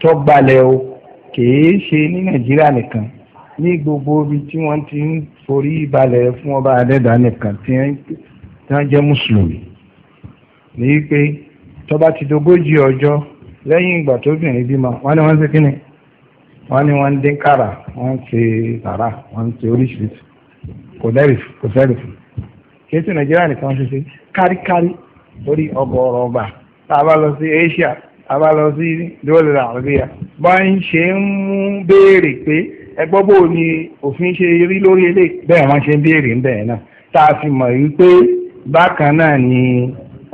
tó gbalẹ̀ o kì í ṣe ní nàìjíríà nìkan ní gbogbo ibi tí wọ́n ti ń forí balẹ̀ fún ọba adẹ́dà nìkan tí wọ́n jẹ́ mùsùlùmí ní wípé tọ́ba ti dogójì ọjọ́ lẹ́yìn ìgbà tóbìnrin bímọ wọ́n ní wọ́n ń ṣe kínní wọ́n ní wọ́n ń dín kàrà wọ́n ń ṣe sàrà wọ́n ń ṣe oríṣiríṣi kò dẹ́rì kò sẹ́rì fún kéésì nàìjíríà nìkan ṣe ṣe káríkárí lórí ọgọ́rọ̀ ọgbà tá a bá lọ sí Asia tá a bá lọ sí dóòlù àrùbíyà bá ń ṣe ń mú béèrè pé ẹgbọ́n bò ní òfin ṣe rí lórí ilé bẹ́ẹ̀ wọ́n ṣe ń béèrè ń bẹ̀rẹ̀ náà tá a fi mọ̀ yìí pé bákan náà ni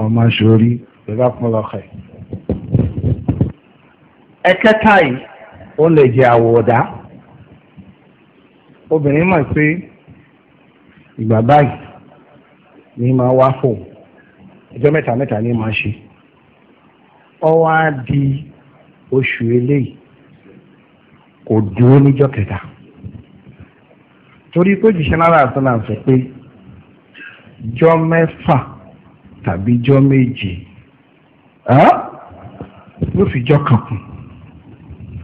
ọmọ sórí ìjọba pọn lọ́kẹ̀. yìí ó lè jẹ àwòdá obìnrin mọ̀ pé ìgbà báyìí ni máa wá fò ọjọ́ mẹ́ta mẹ́ta ni máa ṣe ọ wá di oṣù eléyìí kò dúró níjọ́ kẹta torí pé jìṣẹ́nára àtúnlá sọ pé jọ́ mẹ́fà tàbí jọ́ méje ló fi jọ́ kan kún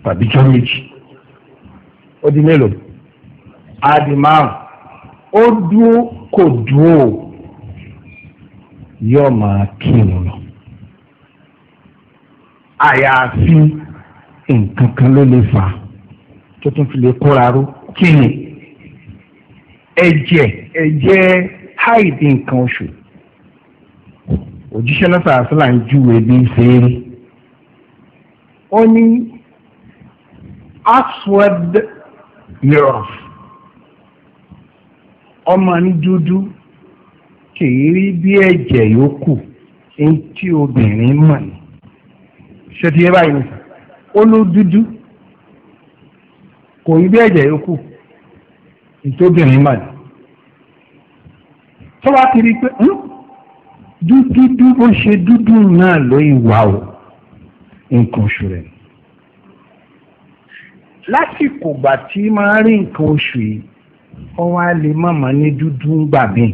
tàbí jọ́ méjì ó di mélòó á ó dúró kò dúró yóò máa kírun lọ àyàfi nǹkan ló lè fà á tó tún fi lè kóra ró kí ni ẹ̀jẹ̀ ẹ̀jẹ̀ háìdì nǹkan oṣù òjíṣẹ́ náà sàásìlà ń júwe bí ń ṣe é rí ó ní aswad yorùf ọmọ ní dúdú kì í rí bí ẹ̀jẹ̀ yòókù tí obìnrin mọ̀ ní ṣé ti yé báyìí ó ló dúdú kò rí bí ẹ̀jẹ̀ yòókù ìtóbìnrin mà ní. tó wá kiri pé hm? dúdú bí ó ṣe dúdú náà ló ìwà o nǹkan oṣù rẹ̀. lásìkò ìgbà tí máa rí nǹkan oṣù yìí wọ́n wá lè mọ̀mọ́ ní dúdú gbà mí.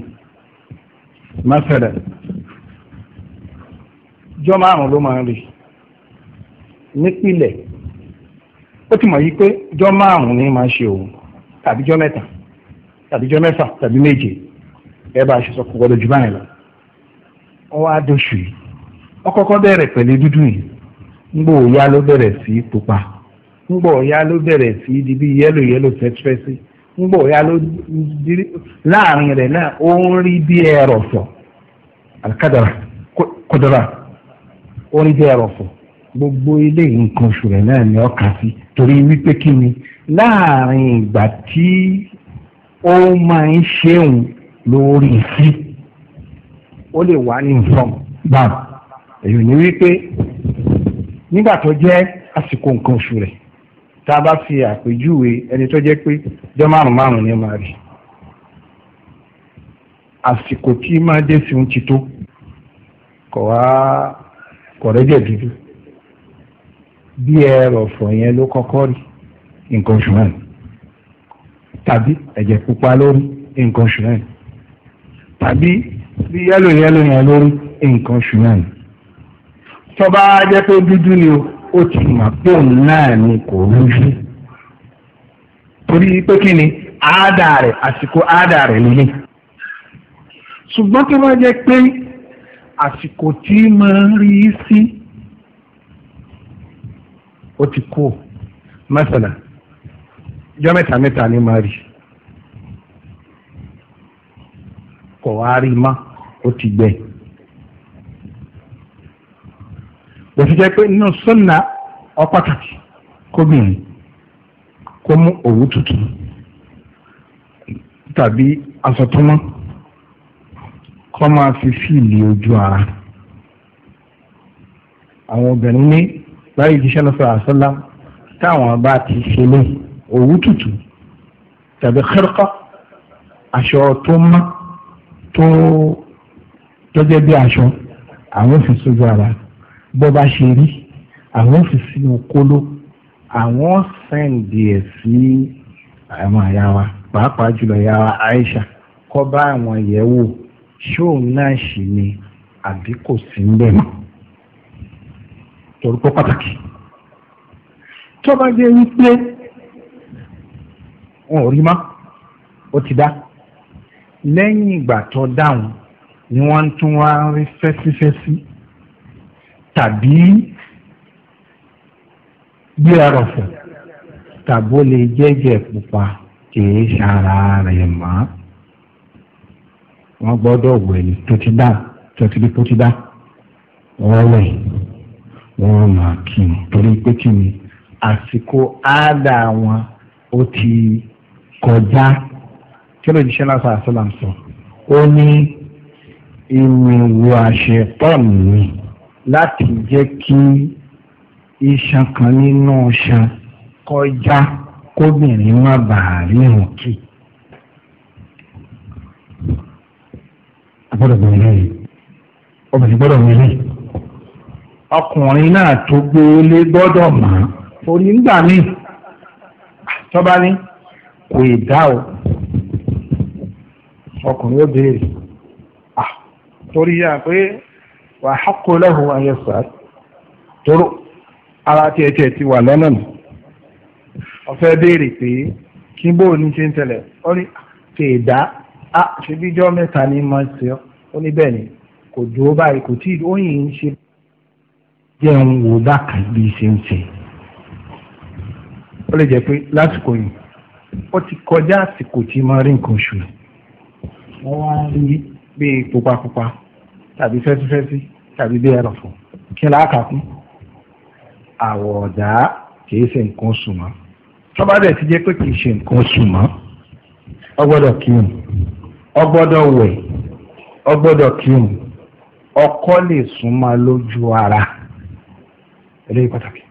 mọ́sẹ̀rẹ̀ jọ́ márùn-ún ló máa ń rí nípìnlẹ̀. ó ti mọ̀ yí pé jọ́ márùn-ún ni máa ṣe òun tàbí jọ́ mẹ́ta tàbí jọ́ mẹ́fà tàbí méje ẹ bá a ṣe sọ kó gbọdọ̀ jù báyìí lọ. wá dóṣù yìí kọ́kọ́ bẹ̀rẹ̀ pẹ̀lú dúdú yìí ńgbò ọ̀yá ló bẹ̀rẹ̀ sí í gbogbo ilé nǹkan oṣù rẹ̀ náà ni ọkà sí torí wípé kí ni láàrin ìgbà tí ó máa ń ṣeun lórí sí ó lè wà ní nǹkan bam èyí ni wípé nígbà tó jẹ́ àsìkò nǹkan oṣù rẹ̀ tá a bá fi àpèjúwe ẹni tó jẹ́ pé jọ́ márùn márùn ni ó máa rí àsìkò tí máa dé sí ohun ti tó kọ̀ wá kọ̀ dúdú bí ẹrọ ọ̀fọ̀ yẹn ló kọ́kọ́ rí nǹkan oṣù náà tàbí ẹ̀jẹ̀ pupa lórí nǹkan oṣù náà tàbí bí yẹ́lò yẹ́lò yẹn lórí nǹkan oṣù náà tó jẹ́ pé dúdú ni o ó ti mà pé òun náà ni kò rújú torí pé kí ni àádà rẹ̀ àsìkò àádà rẹ̀ lélẹ̀ ṣùgbọ́n tó bá jẹ́ pé àsìkò tí mo rí sí. Si, ó ti kú mọ́sálà jọ́ mẹ́ta ni máa rí kọ̀ wá rí má ó ti gbẹ. lọ́sí jẹ́ pé nínú sọ́nà ọ̀pàtàkì kóbìnrin kó mú òwú tuntun tàbí aṣọ tó fi fíìlì ojú ara àwọn obìnrin ní. láyé ìjíṣẹ́ lọ́sọ̀ àṣọlá táwọn bá ti ṣẹlẹ̀ òwú tútù tàbí xirqa aṣọ tó mọ́ tó tọ́jẹ́ bí aṣọ àwọn fi sójú ara bó bá ṣe rí àwọn fi sínú kóló àwọn sẹ́ǹdì ẹ̀ sí àwọn àyà wa pàápàá jùlọ ìyá wa Aisha kọ́ bá àwọn yẹ̀ wò ṣóun náà ṣì ni àbí kò sí ń bẹ̀ torúkọ pàtàkì tó bá jẹ́ wípé wọn ò rí mọ́ ó ti dá lẹ́yìn ìgbà tó dáhùn ni wọ́n tún wá ń rí fẹ́sífẹ́sí tàbí bí ẹrọ̀fọ̀ tàbó lè jẹ́jẹ́ pupa kìí ṣara rẹ̀ mọ́ wọ́n gbọ́dọ̀ wẹ̀ tó ti dá tó ti dá wọ́n wẹ̀ wọ́n máa kí ni torí pé kí ni àsìkò àádá wọn ó ti kọjá kí ló jíṣẹ́ náà sọ̀rọ̀ sọ́lá sọ ó ní ìmìwò àṣepọ̀n mi láti jẹ́ kí iṣan kan nínú iṣan kọjá kóbìnrin má bàa rírun kì. a gbọ́dọ̀ gbọ́dọ̀ mi rí obìnrin gbọ́dọ̀ mi rí. ọkùnrin náà tó gbélé gbọ́dọ̀ mọ̀ torí ńgbà míì tọ́ba ní kò ì dá o ọkùnrin ó béèrè torí yà pé wà á kó lẹ́hùn ara tiẹ̀ tiẹ̀ ti wà lọ́nà nù ọ̀fẹ́ béèrè pé kí bó o ní ṣe ń tẹ̀lẹ̀ ó ní kò ì dá mẹ́ta ní mọ́ ṣe ó ní bẹ́ẹ̀ ni kò dúró jẹ́ ń wò dákà bí ṣe ń ṣe. ó lè jẹ́ pé lásìkò yìí ó ti kọjá àsìkò tí máa rí nǹkan oṣù wọ́n wá rí bíi pupapupa tàbí fẹ́sífẹ́sí tàbí bíi ẹrọ̀fọ̀ kí láàkàkún àwọ̀ ọ̀dà kìí ṣe nǹkan oṣù mọ́ tọ́ba ti jẹ́ pé kìí ṣe nǹkan oṣù mọ́ ọgbọ́dọ̀ kírun ọgbọ́dọ̀ wẹ̀ ọgbọ́dọ̀ kírun ọkọ lè súnmọ́ lójú ara. eléyìí pàtàkì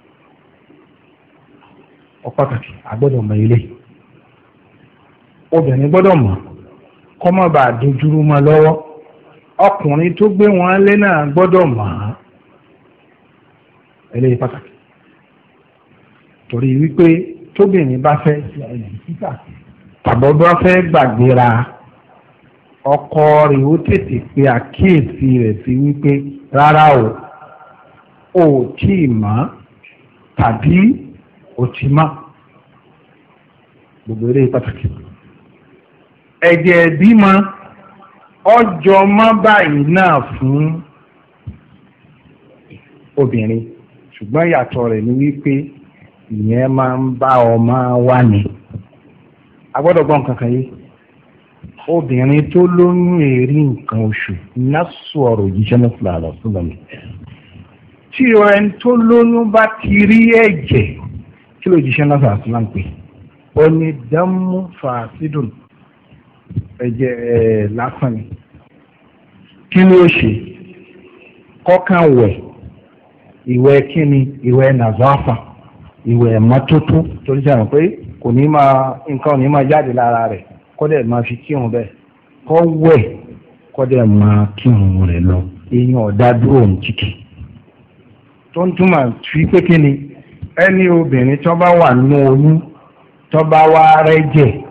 ọ̀pàtàkì àgbọ́dọ̀ mọ ilé obìnrin gbọ́dọ̀ mọ̀ kọ́ má bàa dojúrú ma lọ́wọ́ ọkùnrin tó gbé wọn lé náà gbọ́dọ̀ mọ̀ eléyìí pàtàkì torí wípé tóbìnrin bá fẹ́ ṣe ẹ̀yìn títà tàbọ̀ bá fẹ́ gbàgbéra ọkọ rẹ̀ ó tètè pe àkíyèsí rẹ̀ sí wípé rárá o. ò tí tàbí ò tí mọ̀ gbogbo eré pàtàkì. ẹ̀jẹ̀ bímọ ọjọ́ má báyìí náà fún obìnrin ṣùgbọ́n yàtọ̀ rẹ̀ ni wípé ìyẹn máa ń bá ọmọ wa ni. a gbọ́dọ̀ gbọ́ yìí obìnrin tó lóyún èrí nǹkan oṣù násù ọ̀rọ̀ òjíṣẹ́ náà fúlàlọ́ fúlàlọ́ tí ẹni tó lóyún bá ti rí ẹ̀jẹ̀ kí ló jíṣẹ́ náà sàásì máa ń pè ó ní dámú fàásídùn ẹ̀jẹ̀ ẹ̀ lásán ni kí ló ṣe kọ́kàn wẹ̀ ìwẹ̀ kíni ìwẹ̀ nàzáfà ìwẹ̀ mọ́tótó torí sàrùn pé kò ní máa nǹkan ò ní máa jáde lára rẹ̀ kọ́dẹ̀ máa fi kírun bẹ́ẹ̀ kọ́ wẹ̀ kọ́dẹ̀ máa kírun rẹ̀ lọ eyín ọ̀dá dúró ń kíkì. tó ń túmọ̀ sí pé kí ni ẹni obìnrin tó bá wà nínú oyún tó bá wá jẹ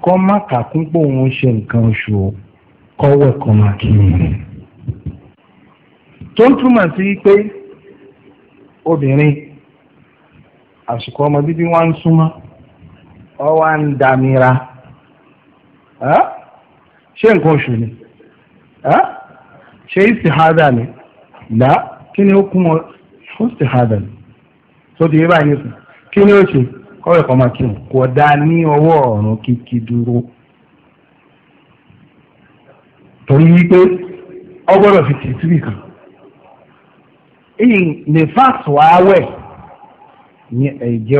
kọ́ má kàkún pé òun ṣe nǹkan oṣù kọ́wẹ́ kan máa kí ni tó ń túmọ̀ sí pé obìnrin àsìkò ọmọ bíbí wọn ń súnmọ́ ọ wá ń damira ṣé nǹkan oṣù ni ṣé ìsìnkú hádà ni là kí ni ó kún ọ fún istihadan tó di yébà yín sùn kí ni ó ṣe máa kírun kò dá ní ọwọ́ ọ̀run kìkì dúró torí wípé ọgbọ́dọ̀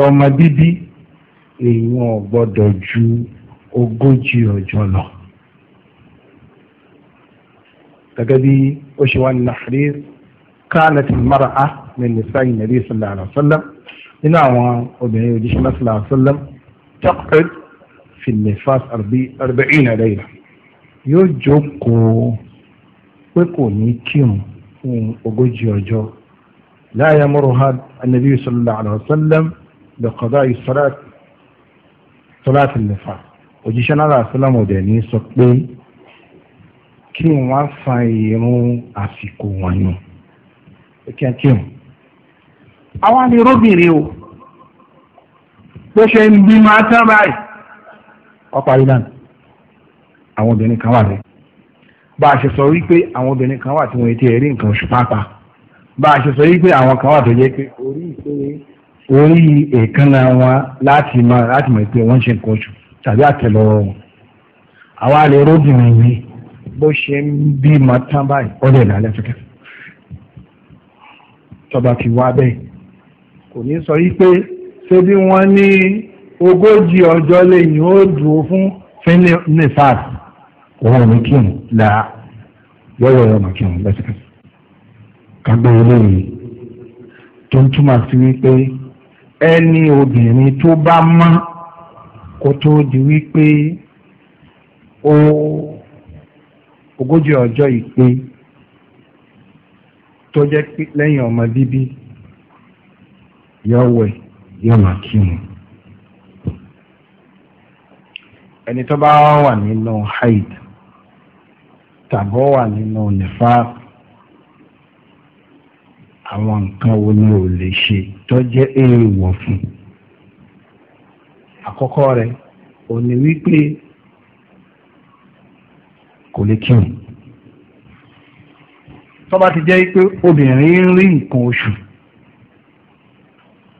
ọmọ bíbí èèyàn ju ogójì ọjọ́ lọ. gẹ́gẹ́ bí ó ṣe wà ní mara á. min nisa'i nabi sallallahu alaihi wa sallam nínú àwọn obìnrin òjíṣẹ́ náà sallallahu alaihi wa sallam taqid fi nifas arba'ina layla yóò jókòó pé kò ní kírun fún ogójì ọjọ́ la yamuruha anabi sallallahu alaihi wa sallam bi qada'i salat salat nifas òjíṣẹ́ náà sallallahu alaihi wa sallam ọ̀dẹ̀ ní sọ pé kí wọ́n fa irun àsìkò wọ̀nyí kí wọ́n kírun àwa ni róbìnrin o bó ṣe ń bí máa tán báyìí ọ̀pá ilan àwọn obìnrin kan wà bẹ́ẹ̀ bá a ṣe sọ wípé àwọn obìnrin kan wà tí wọ́n ti rí nǹkan oṣù pápá bá a ṣe sọ wípé àwọn kan wà tó jẹ́ pé orí ìpele orí èékánná wọn láti máa láti mọ̀ pé wọ́n ń ṣe nǹkan oṣù tàbí àtẹlọwọ́ wọn àwa lè róbìnrin bó ṣe ń bí máa tán báyìí ọ̀dẹ̀ làálẹ̀ fẹ́kẹ́ tọba ti wá bẹ́ẹ̀ kò ní sọ yí pé ṣé bí wọ́n ní ogójì ọjọ́ lẹ́yìn ó dùn ó fún finifas òun ní kí n là yọ̀wọ̀ yọ̀ màkì òun lẹ́sẹ̀kẹsẹ̀ kágbé eléyìí tó ń túmọ̀ sí wípé ẹni obìnrin tó bá mọ́ kó tó di wípé ó ogójì ọjọ́ ìpè tó jẹ́ lẹ́yìn ọmọ bíbí yọ wẹ̀ yọ máa kírun. ẹni tó bá wà nínú haid tàbọ̀ wà nínú nífà àwọn nǹkan wo ni ò lè ṣe tó jẹ́ èèwọ̀ fún àkọ́kọ́ rẹ̀ ò ní wípé kò lè kírun tó bá ti jẹ́ pé obìnrin ń rí nǹkan oṣù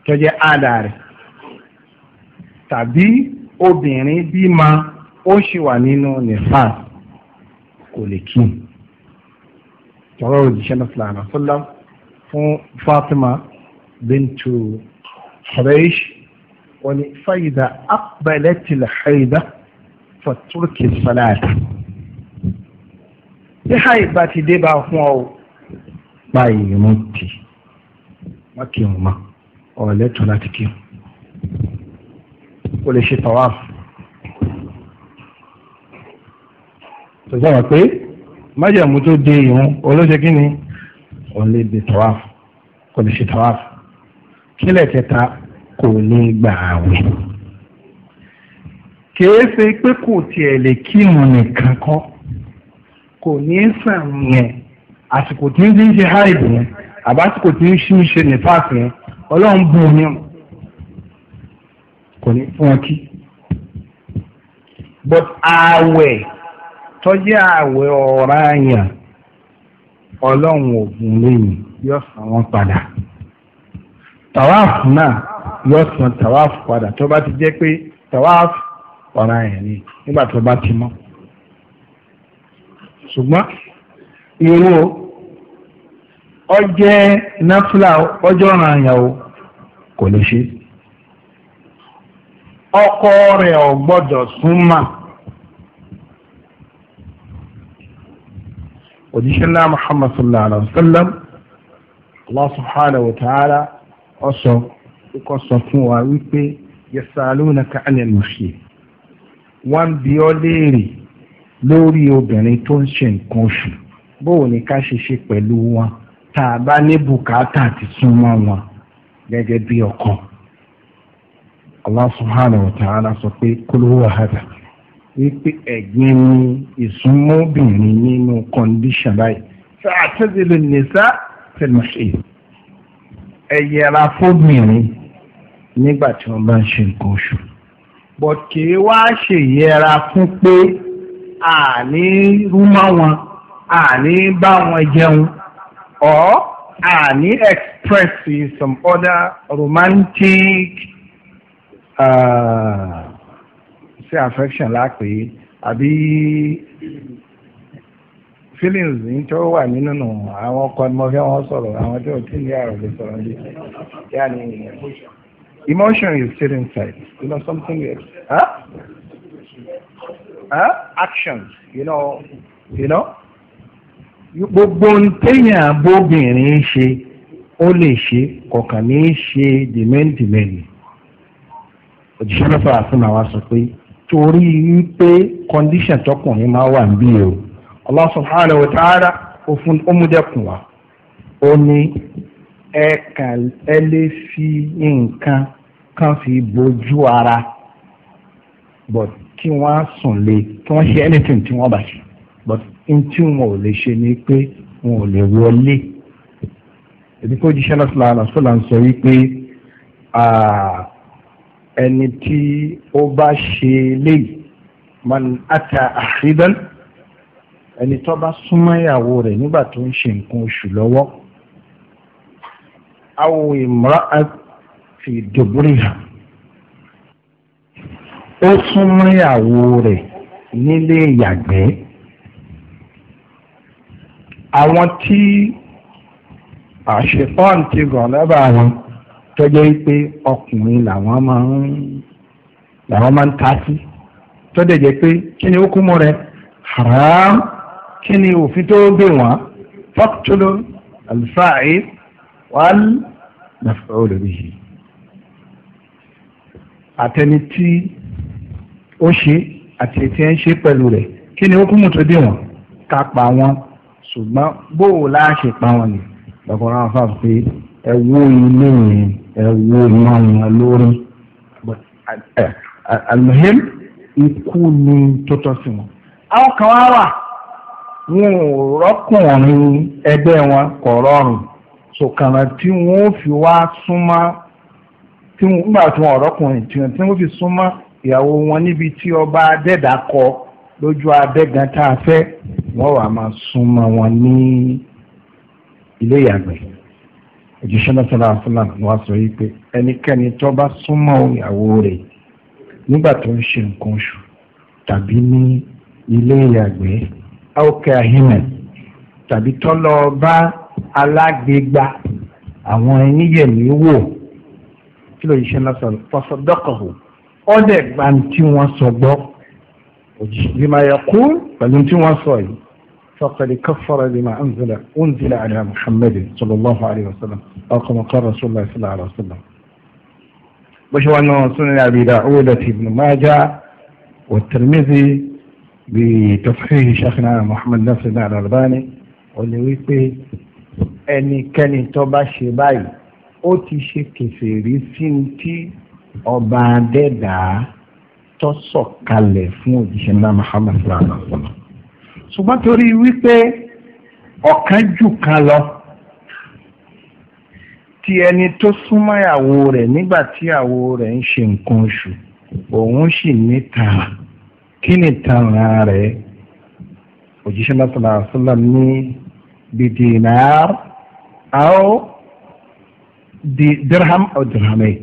tó jẹ́ àdá rẹ̀ tàbí obìnrin bímọ ó sì wà nínú nifas kò lè kí tọrọ òjíṣẹ́ náà fúlànà fúlà fún Fatima bintu Hureish wọ́n ní fayida aqbalatil haida faturki salat tí haid bá ti dé bá fún ọ báyìí mo ti wọ́n kì í mọ́ ọ̀lẹ́tọ̀ láti kí o lè ṣe tawaf tó sábà pé májàmú tó de ìrún olóṣè kí ni òun lè de tawaf kò lè ṣe tawaf kílẹ̀ kẹta kò ní gbà àwẹ̀ kìí ṣe pé kò tiẹ̀ lè kírun nìkan kọ́ kò ní sàn yẹn àsìkò tí ń ṣe háìdì yẹn àbásìkò tí ń ṣe nífàsì yẹn ọlọ́run bùn ní ọ̀n kò ní fún wọn kí but ààwẹ̀ tọ́jú ààwẹ̀ ọ̀ranyàn ọlọ́run ò bùn lẹ́yìn yóò san wọn padà tàwáàfù náà yóò san tàwáàfù padà tó bá ti jẹ́ pé tàwáàfù ọ̀ranyàn ni nígbà tó bá ti mọ́ ṣùgbọ́n irú o. ọjẹ́ náfúlà ọjọ́ ọ̀ràn àyàwó kò lè ṣe. ọkọ rẹ̀ ò gbọ́dọ̀ súnmọ́. òjíṣẹ́ ńlá muhammad sallallahu alaihi wa sallam allah subhanahu wa ta'ala ọsọ kó sọ fún wa wípé yasalunaka anil mahid wọn bi ọ́ léèrè lórí obìnrin tó ń ṣe nǹkan oṣù bóun ni ká ṣe ṣe pẹ̀lú wọn. tá a bá ní bùkátà ti súnmọ́ wọn gẹ́gẹ́ bí ọkàn Allah subhanahu wa ta'ala sọ pé kólówó àhàdà wípé ẹ̀gbin ni ìsúnmọ́bìnrin nínú kọ́ndíṣàn báyìí fa'tazilu nisa fil mahid ẹ yẹra fóbìnrin nígbà tí wọ́n bá ń ṣe nǹkan oṣù bọ̀ kì í wá ṣe yẹra fún pé àní rúmọ́ wọn àní bá wọn jẹun or and he expresses some other romantic uh, say affection lápè àbí feelings ní tó wà nínú nù àwọn ọkọ ni mo fẹ́ wọn sọ̀rọ̀ àwọn tí ò tí ní àrò lè sọ̀rọ̀ ní yàní emotion is still inside you know something else huh? Huh? actions you know you know gbogbo ntẹ́yìn bóbìnrin ṣe ó lè ṣe kọ̀ọ̀kan ní í ṣe dìmẹ́ǹdìmẹ́ǹdì òjíṣẹ́ lọ́fà àfihàn àwa sọ pé torí wípé kọ́ndíṣàn tọkùnrin máa wà ń bí o Allah subhanahu wa ta'ala òfin ọmúdẹ́kùn wa ó ní ẹ̀ka ẹ lè fi nǹkan kan fi bójú ara but kí wọ́n sùn lé kí wọ́n ṣe anything tí wọ́n bá ṣe but ntí wọn ò lè ṣe ni pé wọn ò lè wọlé èdè kó jíṣẹ́ lọ́sọ̀lá àlọ́sọ̀lá ń sọ wípé ẹni tí ó bá ṣe léyìí man ata àfidán ẹni tó bá súnmọ́ ìyàwó rẹ̀ nígbà tó ń ṣe nǹkan oṣù lọ́wọ́ àwọn imra'a fi duburiha ó súnmọ́ ìyàwó rẹ̀ nílé ìyàgbẹ́ àwọn tí àṣetán ti gàn lọ́ba wọn tó jẹ́ pé ọkùnrin làwọn máa ń làwọn ta sí tó dẹ̀ jẹ́ pé kí ni ó kú mọ́ rẹ̀ haram kí ni òfin tó gbé wọ́n faqtulu al-fa'il wal maf'ul bihi àtẹni tí ó ṣe àti ètí ẹ̀ ń ṣe pẹ̀lú rẹ̀ kí ni ó kú mọ́ tó dé wọ́n ká pa ṣùgbọ́n bóò láṣẹ pa wọn ni ọkùnrin àwọn afáàfù pé ẹ wó ilé yẹn ẹ wó iná yẹn lórí almuhim ikú ni tó tọ́ sí wọn. àwọn kan wá wà wọn ò rọ́kùnrin ẹgbẹ́ wọn kọ̀ rọrùn sọ̀kànlá tí wọ́n fi wá súnmọ́ tí wọ́n gbà tí wọ́n ọ̀rọ̀kùnrin tí wọ́n fi súnmọ́ ìyàwó wọn níbi tí ọba adẹ́dàkọ lójú abẹ́gan tá a fẹ́ wọ́n wàá máa súnmọ́ wọn ní ilé ìyàgbẹ́ òjíṣẹ́ náà sọ́dọ̀ àfúlà ni wọ́n sọ yìí pé ẹnikẹ́ni tó bá súnmọ́ ìyàwó rẹ̀ nígbà tó ń ṣe nǹkan oṣù tàbí ní ilé ìyàgbẹ́ aókè ahimẹ̀ tàbí tó lọ bá alágbègbà àwọn ẹniyẹ̀mí wò kí lóòjíṣẹ́ náà sọ fọsọdọ́kọ̀ọ́ ọ̀dẹ̀ gbanti wọn sọ gbọ́ bima yaqul pẹ̀lú tí wọ́n sọ yìí faqad kaffara bima anzala unzila ala muhammadin sallallahu alayhi wa sallam ọkọ̀mọ̀kọ́ rasulillah sallallahu alayhi wa sallam. bó ṣe wọn náà sunan abi da'ud àti ibn majah wa tirmidhi بتصحيح شيخنا محمد ناصر الألباني òní wípé ẹnikẹ́ni tó bá ṣe báyìí ó ti ṣe kèfèrí sí ti ọba adẹ́dàá tó sọ̀kalẹ̀ fún òjíṣẹ́ ńlá Muhammad sallallahu alaihi wa sallam ṣùgbọ́n torí wípé ọ̀kan jù kan lọ ti ẹni tó súnmọ́ ìyàwó rẹ̀ nígbà tí ìyàwó rẹ̀ ń ṣe nǹkan oṣù òun sì ní tààrà kí ni tààrà rẹ̀ òjíṣẹ́ ńlá sallallahu alaihi wa sallam ní bidinar aw dirham aw dirhamay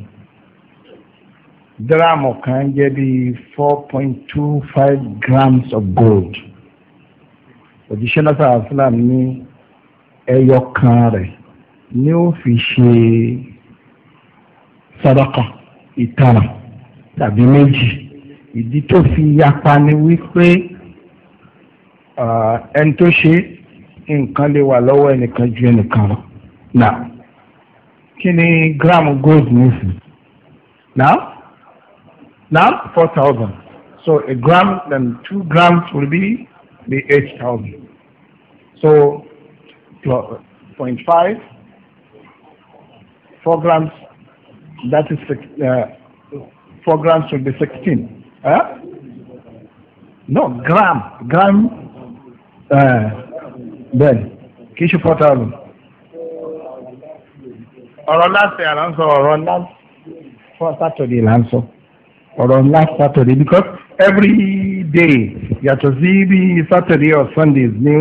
dírámù kan jẹ́ bí four point two five grams of gold òjíṣẹ́ náà sáà fúlàm ní ẹyọ kan rẹ̀ ni ó fi ṣe sàdákà ìtara tàbí méjì ìdí tó fi yapa ni wípé ẹni tó ṣe nǹkan lè wà lọ́wọ́ ẹnìkan ju ẹnìkan lọ. Now kí ni gíráàmù gold nísìnyí? Now. Now, 4,000. So a gram, then two grams will be the 8,000. So 0.5, 4 grams, that is six, uh, 4 grams will be 16. Huh? No, gram, gram, uh, then, kì í ṣe 4,000. ọ̀rọ̀ láti àlànsọ ọ̀rọ̀ láti fọ́ sátọ̀dì là ń sọ ọ̀rọ̀ ńlá Saturday because every day yàtọ̀ sí bí Saturday or Sundays ní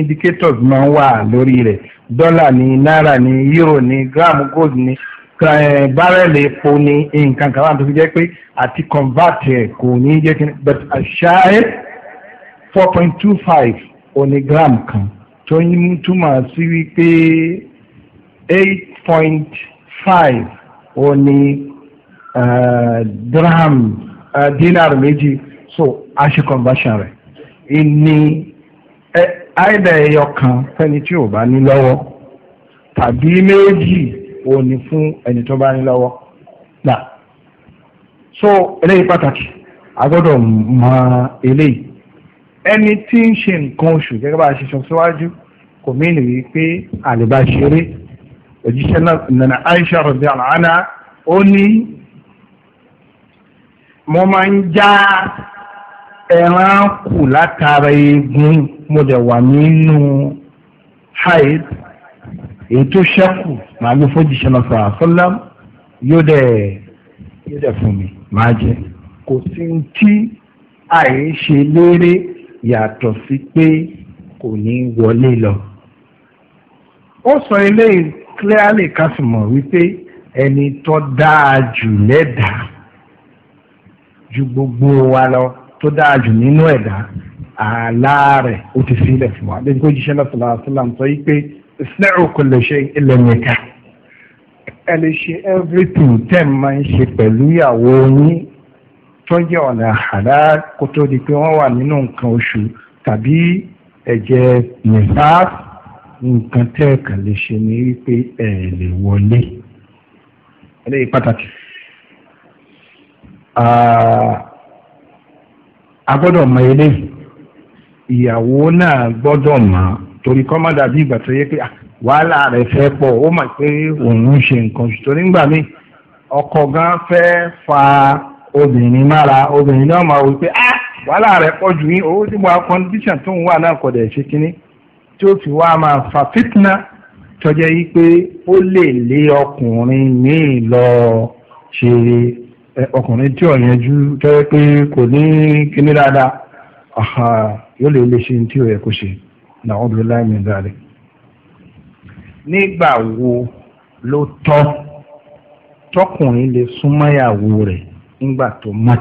indicators máa ń wà lórí rẹ̀ dọ́là ni náírà ní euro ni gram gold ni eh, barrel epo ní nǹkan kan wà tó fi jẹ́ pé àti convert ẹ̀ kò ní jẹ́ kí ni but àṣàyẹ four point two five òní gram kan tó ń túmọ̀ sí wípé eight point five òní. Eh, dirham eh, dinar meji so a ṣe conversion rẹ̀ ni eh, àìdá ẹyọ kan fẹ́ni tí ò bá ní lọ́wọ́ tàbí méjì ò ní fún ẹni tó bá so eléyìí pàtàkì a gbọ́dọ̀ mọ eléyìí ẹni tí ń ṣe nǹkan oṣù gẹ́gẹ́ bá a ṣe sọ síwájú kò mí nìyí pé náà nana Aisha rẹ̀ bí àlàánà ó ní mo máa ń já ẹran kù látara eegun mo dẹ̀ wà nínú haid èyí tó ṣẹ́kù màá gbé fún jìṣẹ́ náà sọ̀rọ̀ àfọlá yóò dẹ̀ yóò dẹ̀ fún mi màá jẹ kò sí tí àìṣe lérè yàtọ̀ sí pé kò ní wọlé lọ. ó sọ eléyìí clearly ká sì mọ̀ wípé ẹni tó dáa jù lẹ́dàá ju gbogbo wa lọ tó dáa jù nínú ẹ̀dá ààlà rẹ̀ ó ti sílẹ̀ fún wa lẹ́yìn kó jíṣẹ́ lọ́sọ̀ lọ́wọ́ sílẹ̀ sọ yí pé isna'u kulla shay'in illa nikah ẹ lè ṣe everything tẹ́ ẹ máa ń ṣe pẹ̀lú ìyàwó yín tó jẹ́ ọ̀nà àlá kó tó di pé wọ́n wà nínú nǹkan oṣù tàbí ẹ̀jẹ̀ nìfàs nǹkan tẹ́ ẹ kàn lè ṣe ni wípé ẹ lè wọlé eléyìí pàtàkì a gbọ́dọ̀ mọ eléyìí ìyàwó náà gbọ́dọ̀ mọ̀ torí kọ́ má dàbí ìgbà tó yẹ pé wàhálà rẹ̀ fẹ́ pọ̀ ó mà pé òun ń ṣe nǹkan ṣù torí ńgbà míì ọkọ gan fẹ́ fa obìnrin mára obìnrin náà máa wò pé wàhálà rẹ̀ pọ̀ jù ní owó tí mo wá kọ́ndíṣàn tó ń wà náà kọ̀ dẹ̀ kínní tí ó fi wá máa fa fitna tọ́jẹ́ yí pé ó lè lé ọkùnrin míì lọ ṣe ọkùnrin tí ò yanjú tó yẹ pé kò ní kíní dáadáa yóò lè lè ṣe tí ò yẹ kó ṣe náà ọdún láì mìíràn rẹ. nígbà wo ló tọ́ tọkùnrin lè súnmọ́yàwó rẹ̀ nígbà tó má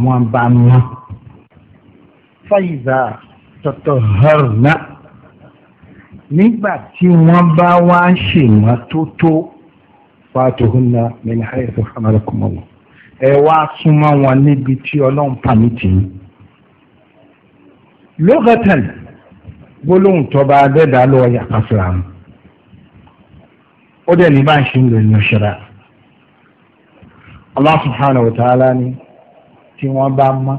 wọ́n bá mọ́ fàyíṣà tọ̀tọ̀ hẹ́rùnà nígbà tí wọ́n bá wá ń ṣèmọ́tótó fàtòhúnà mẹ́lẹ̀ àyẹ̀fọ́ hàmàlẹ́kùnmọ́wọ́ ẹ wá súnmọ́ wọn níbi tí ọlọ́run pàmìtì yìí lókàtàn gbólóhùn tọba adẹ́dá lọ yàtọ̀ síra wọn ó dẹ̀ ní bá ń ṣe ń lò ní ọ̀ṣẹ́ra Allah subhanahu wa ta'ala tí wọ́n bá mọ́.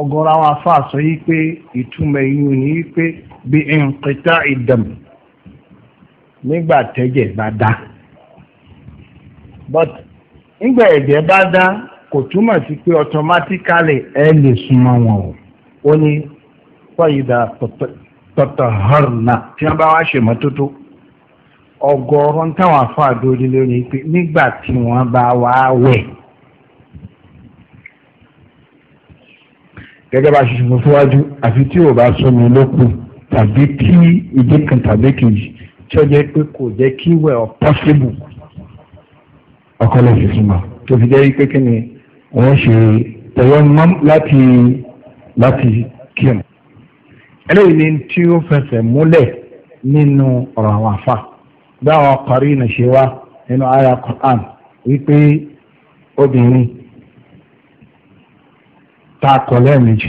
ọ̀gọ̀rọ̀ àwọn afáà sọ yìí pé ìtumọ̀ yìí ni yìí pé bí nkìtá ìdàm nígbà tẹ́jẹ̀ but nígbà ẹ̀jẹ̀ bá dá kò túmọ̀ sí pé automatically ẹ lè súnmọ́ wọn o ó ní fọyídà tọ̀tọ̀ hàn náà tí wọ́n bá wá ọ̀gọ̀rọ̀ ń táwọn afọ àdóri lónìí pé nígbà tí wọ́n bá wá wẹ̀. gẹ́gẹ́ bá a ṣe ṣe fún síwájú àfi tí ò bá sọmi lókun tàbí tí ìdí kan tàbí kejì tí ó jẹ́ pé kò jẹ́ kí wẹ̀ ọ́ pọ́sibù ọkọlẹ̀ fífún tó fi jẹ́ pé kí ni wọ́n ṣe tẹ̀wọ́ mọ́ láti láti kírun. eléyìí ni tí ó fẹsẹ̀ múlẹ̀ nínú ọ̀rọ̀ àwọn àfáà báwọn kọrí nà ṣe wá nínú àyà Quran wípé obìnrin tá a kọ lẹ́ẹ̀mejì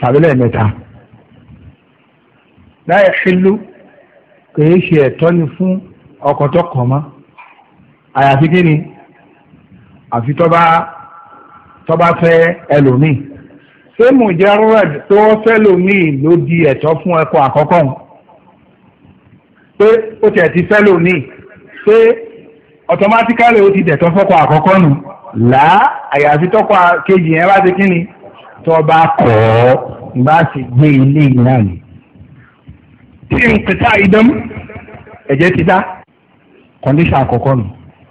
tàbí lẹ́ẹ̀mẹ́ta láyé ṣílú kìí ṣe ẹ̀tọ́ ni fún ọkọ tó kọ̀ mọ́ àyàfi kí ni àfi tọ́ba tọ́ba fẹ́ ẹlòmíì ṣé mujarrad tó fẹ́ lòmíì ló di ẹ̀tọ́ fún ẹ̀kọ́ àkọ́kọ́ hàn pé ó tiẹ̀ ti fẹ́ lónìí pé automatically ó ti dẹ̀tọ́ fọ́kọ àkọ́kọ́ nù là á àyàfi tọ́kọ kejì yẹn bá ti kí ni tó bá kọ̀ ọ́ bá ti gbé ilé yìí náà ni. tí n kẹta idán ẹ̀jẹ̀ ti dá condition àkọ́kọ́ nù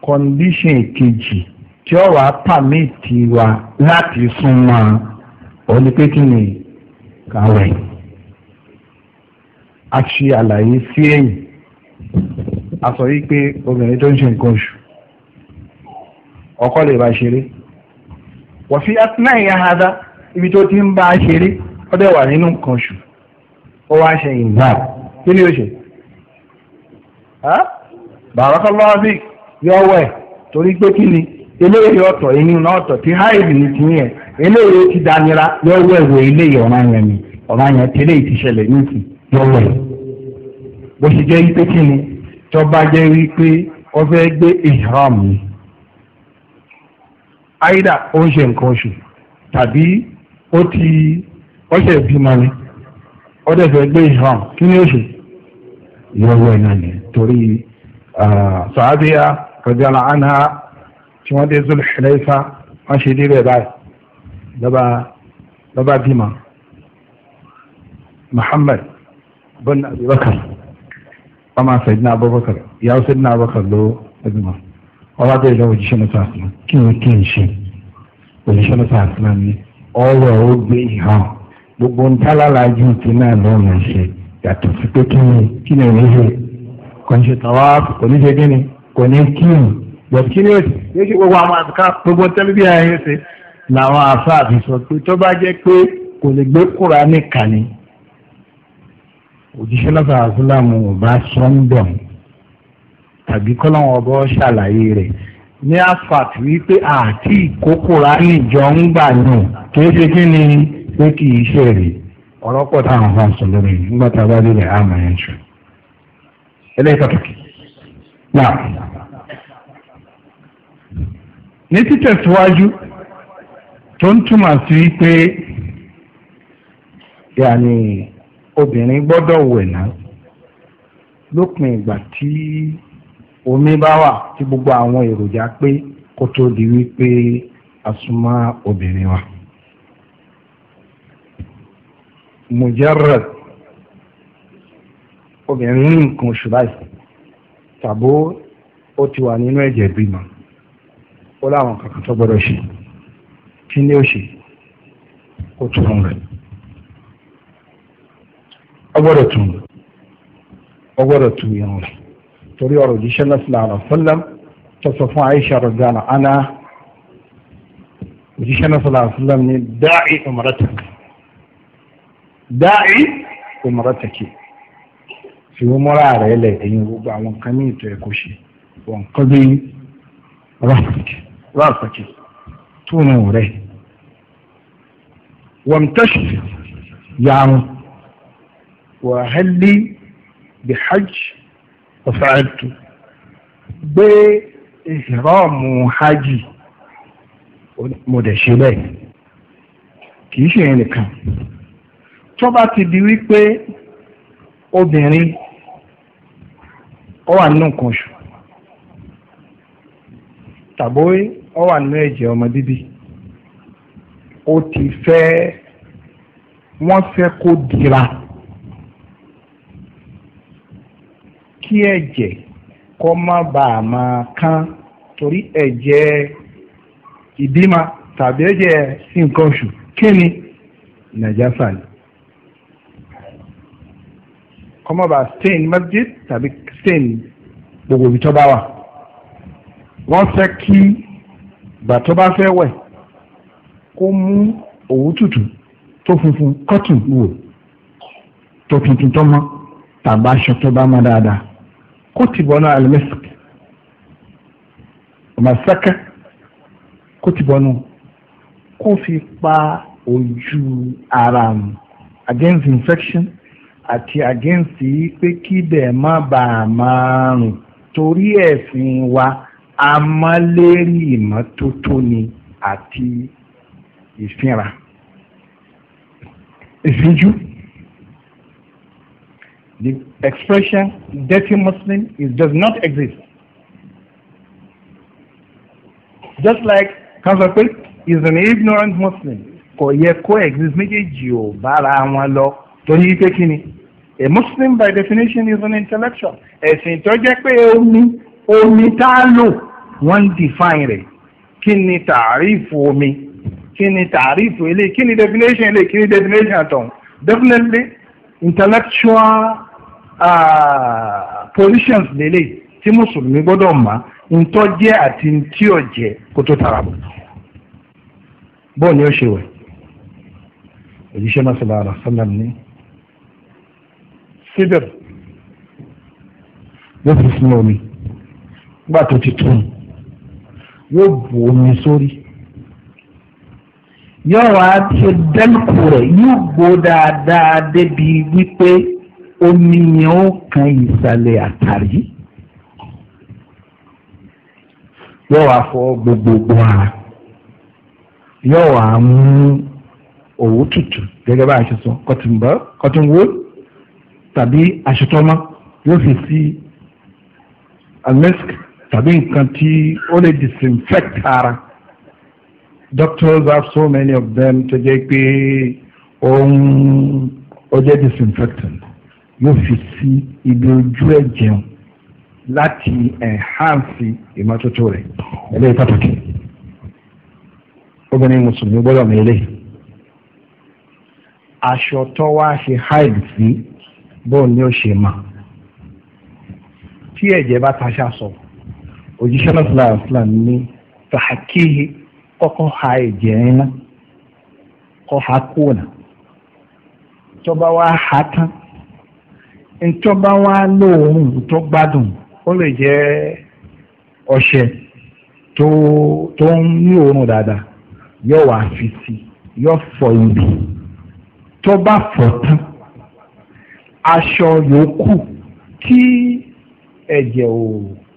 condition kejì tí ó wàá pàmìtì wa láti súnmọ́ ọ ní pé kí ni kàwé a àlàyé sí ẹ̀yìn a sọ pé obìnrin tó ń ṣe nǹkan oṣù ọkọ lè bá ṣeré wọ̀fí atúnáì yahada ibi tó ti ń bá a ṣeré ó dẹ̀ wà nínú nǹkan oṣù ó wá ṣe ìgbà kí ni ó ṣe barakallahu fik yọ wẹ̀ torí pé kí ni eléyìí ọ̀tọ̀ inú náà ọ̀tọ̀ tí háìlì ní ti yẹn eléyìí ti dánira yọ wẹ̀ eléyìí ọ̀ràn yẹn ọ̀ràn yẹn tẹ́lẹ̀ ti ṣẹlẹ̀ ní yọ wẹ̀. bó ṣe jẹ́ wípé kí ni tó bá jẹ́ wípé wọ́n fẹ́ gbé ihram ni aida ó ń ṣe nǹkan oṣù tàbí ó ti ọṣẹ bímọ ni ó dẹ̀ fẹ́ gbé ihram kí ni oṣù ìyọ̀wọ̀ ẹ̀ náà ni torí sàábíà kọjá làánà tí wọ́n dé Zulhulayfa wọ́n ṣe dé bẹ́ẹ̀ báyìí lọ́ba lọ́ba bímọ Muhammad bin Abubakar ọmọ sẹ̀dínà abubakar ìyàwó sẹ̀dínà abubakar ló ẹ̀dùnmọ̀ ọba bẹ́ẹ̀ lọ òjíṣẹ́ náà sàásìlá kí ni kí n ṣe òjíṣẹ́ náà sàásìlá ni ọ̀rọ̀ ó gbé ìhàn gbogbo ń tálálà ju ti náà lọ́rùn ṣe yàtọ̀ sí pé kí ni kí ni òní ṣe kò ní ṣe tàwa kò ní ṣe kí ni kò ní kí ni bọ̀dù kí ni ó ṣe yóò gbogbo àwọn àtúkà òjíṣẹ́ lọ́sàn àṣìláàmù bá sọ́ńdọ̀n tàbí kọ́lọ́wọ́n ọba ṣàlàyé rẹ̀ ní àfàt wípé àti ìkókòrá níjọ ń gbà náà kì í ṣe kí ni pé kì í ṣe rè ọ̀rọ̀ pọ̀ táwọn kan sọ lórí nígbà tá a bá délẹ̀ àmọ́ ẹ̀ ń sọ. eléyìí pàtàkì náà ní títẹ̀síwájú tó ń túmọ̀ sí pé yàní. Yani, obìnrin gbọ́dọ̀ wẹ̀ náà lópin ìgbà tí omi bá wà tí gbogbo àwọn èròjà pé kó tó di wípé asúnmọ́ obìnrin wa. mujarrad obìnrin ní nǹkan oṣù báyìí tàbó ó ti wà nínú ẹ̀jẹ̀ bímọ ó láwọn kankan tó gbọ́dọ̀ ṣe kí ni ó ṣe ó tún rẹ̀ ọgbọ́dọ̀ tún ọgbọ́dọ̀ tún irun rẹ̀ torí ọ̀rọ̀ òjíṣẹ́ náà sílẹ̀ àrà sọ́lá tó sọ fún Aisha rọ̀gánà ana òjíṣẹ́ náà sílẹ̀ àrà sọ́lá ní dáì umrataki dáì umrataki fi wọ́n mọ́ra rẹ̀ lẹ̀ ẹ̀yin gbogbo àwọn kan ní ètò ẹ̀kọ́ ṣe wọ́n kọ́ bí rafaki túnú rẹ̀ wọ́n tẹ́sí yàrá. وهل لي بحج gbé ìhìrọ́ọ̀mù hajj mo dẹ̀ ṣe bẹ́ẹ̀ kì í ṣe yẹn nìkan tó bá ti di wípé obìnrin ó wà nínú nǹkan oṣù tàbí ó wà nínú ẹ̀jẹ̀ ọmọ bíbí ó ti fẹ́ wọ́n fẹ́ kó dira. kí ẹ̀jẹ̀ kọ́ má bàa máa kán torí ẹ̀jẹ̀ ìbímọ tàbí ẹ̀jẹ̀ nǹkan oṣù kí ni nàìjásà ni kọ́ má bàa stain masjid tàbí stain gbogbo ibi tó bá wà wọ́n fẹ́ kí ìgbà tó bá fẹ́ wẹ̀ kó mú òwú tútù tó funfun kọ́tù wò tó tuntun tó mọ́ tàbí aṣọ tó bá mọ́ dáadáa kótìbọnú alimẹsìkì màsákà kótìbọnú kó fi pa ojú ara mu against infection àti against pé kí bẹ́ẹ̀ má bàa máa rùn torí ẹ̀sìn wa amálérí ìmọ́tótó ni àti ìfinra ìfinjú. E the expression dirty Muslim is, does not exist. Just like kansa is an ignorant Muslim kò yẹ kó exist méjèèjì ò bára wọn lọ torí pé kí ni a Muslim by definition is an intellectual ẹ̀sìn tó jẹ́ pé omi omi tá a lò wọ́n ń define rẹ̀ kí ni tàrífù omi kí ni tàrífù ilé kí ni definition ilé kí ni definition àtọ̀hún definitely intellectual Ah, positions lélẹ̀ tí mùsùlùmí gbọ́dọ̀ mọ̀ ntọ́jẹ́ àti ntíọ̀jẹ́ kó tó tara bọ̀ bọ́ọ̀ ni ó ṣe wẹ̀ òjíṣẹ́ náà sọ̀rọ̀ àrà sọ́nà ní sídìr yóò fi sínú omi nígbà tó ti tún yóò bu omi sórí yóò wá ṣe dẹ́lùkù rẹ̀ yóò gbó dáadáa débi wípé omi yẹn ó kan ìsàlẹ̀ àtàrí yóò wá fọ gbogbogbò ara yóò wá mú òwú tutù gẹ́gẹ́ bá a ṣe sọ cotton cotton wool tàbí aṣọ tọ́mọ́ yóò fi sí almesk tàbí nǹkan tí ó lè disinfect ara doctors have so many of them tó jẹ́ pé ó ń ó jẹ́ disinfectant yóò fi sí ibi ojú ẹ̀ jẹun láti ẹ̀háǹsì ìmọ́tótó rẹ̀ eléyìí pàtàkì obìnrin mùsùlùmí gbọ́dọ̀ mi lé aṣọ tó wá ṣe haid sí bóun ni ó ṣe mọ̀ tí ẹ̀jẹ̀ bá taṣà sọ òjíṣẹ́ náà fúlàní fúlàní ní tàkìhì kọ́kọ́ ha ẹ̀jẹ̀ ẹ̀ kọ́ ha kúnà tó bá wá ha tán ntọ́ba wa lóòórùn tó gbádùn ó lè jẹ́ ọṣẹ tó tó ń ní òórùn dáadáa yóò wá fi sí yóò fọ ibi tó bá fọ tán aṣọ yòókù tí ẹ̀jẹ̀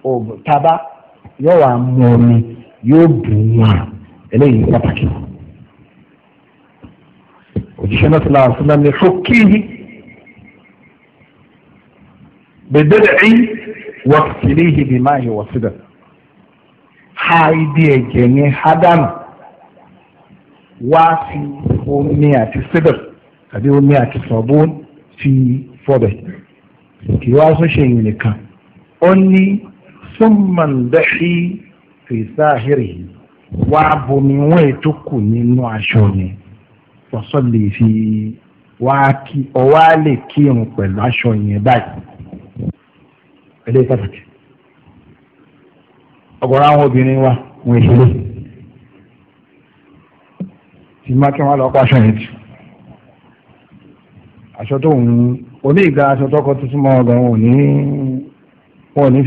ò tábà yóò wá mú omi yóò bù wọn eléyìí pàtàkì òjíṣẹ́ náà ti la àfúnná fún kíyìn bẹ̀dẹ̀dẹ̀ ẹ̀yìn wọ́pìtìlì ìhìbì máa yẹ wọ́sídà ha ibi ẹ̀jẹ̀ yẹn ha dànù wá fi omi àti sídà àbí omi àti sọ̀bù fi fọbẹ̀ kì í wá sún ṣe yìí nìkan ó ní súnmọ̀ndẹ́sí fèsàhírì wá bomi wọ́n ètò kù nínú aṣọ yẹn wọ́sọ̀ lè fi wá kí ọwá lè kírun pẹ̀lú aṣọ yẹn báyìí. eléyìí pàtàkì ọ̀gọ̀rọ̀ àwọn obìnrin wa wọn èṣèlè tí má wọn lọ kó yẹn tù aṣọ tó ń oní ìgbà aṣọ tó kọ tuntun mọ ọgbà wọn ní wọn ní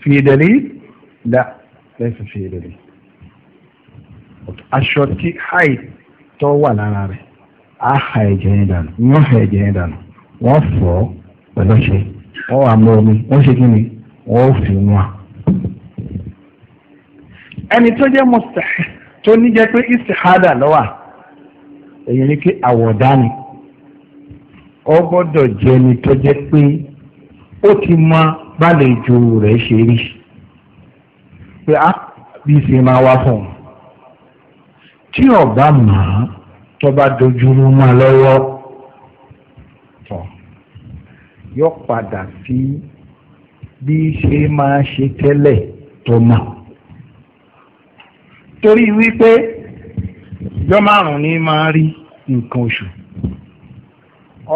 fi dá lẹ́sìn fi aṣọ tí háì tó wà lára rẹ̀ á ẹ̀jẹ̀ yẹn dànù wọ́n wà mọ omi wọ́n ṣe kí ni wọ́n fi nù ẹni tó jẹ́ mọ̀sá tó ní jẹ́ pé istihada lọ́wà èyí ni kí àwọ̀dá ni ọ gbọ́dọ̀ jẹ́ ni tó jẹ́ pé ó ti mọ bálejò rẹ̀ ṣe rí ọba ah, màá tó bá dojú rú yọ padà sí bí ṣe máa ṣe tẹ́lẹ̀ tó náà. torí wípé yọ márùn-ún máa rí nǹkan oṣù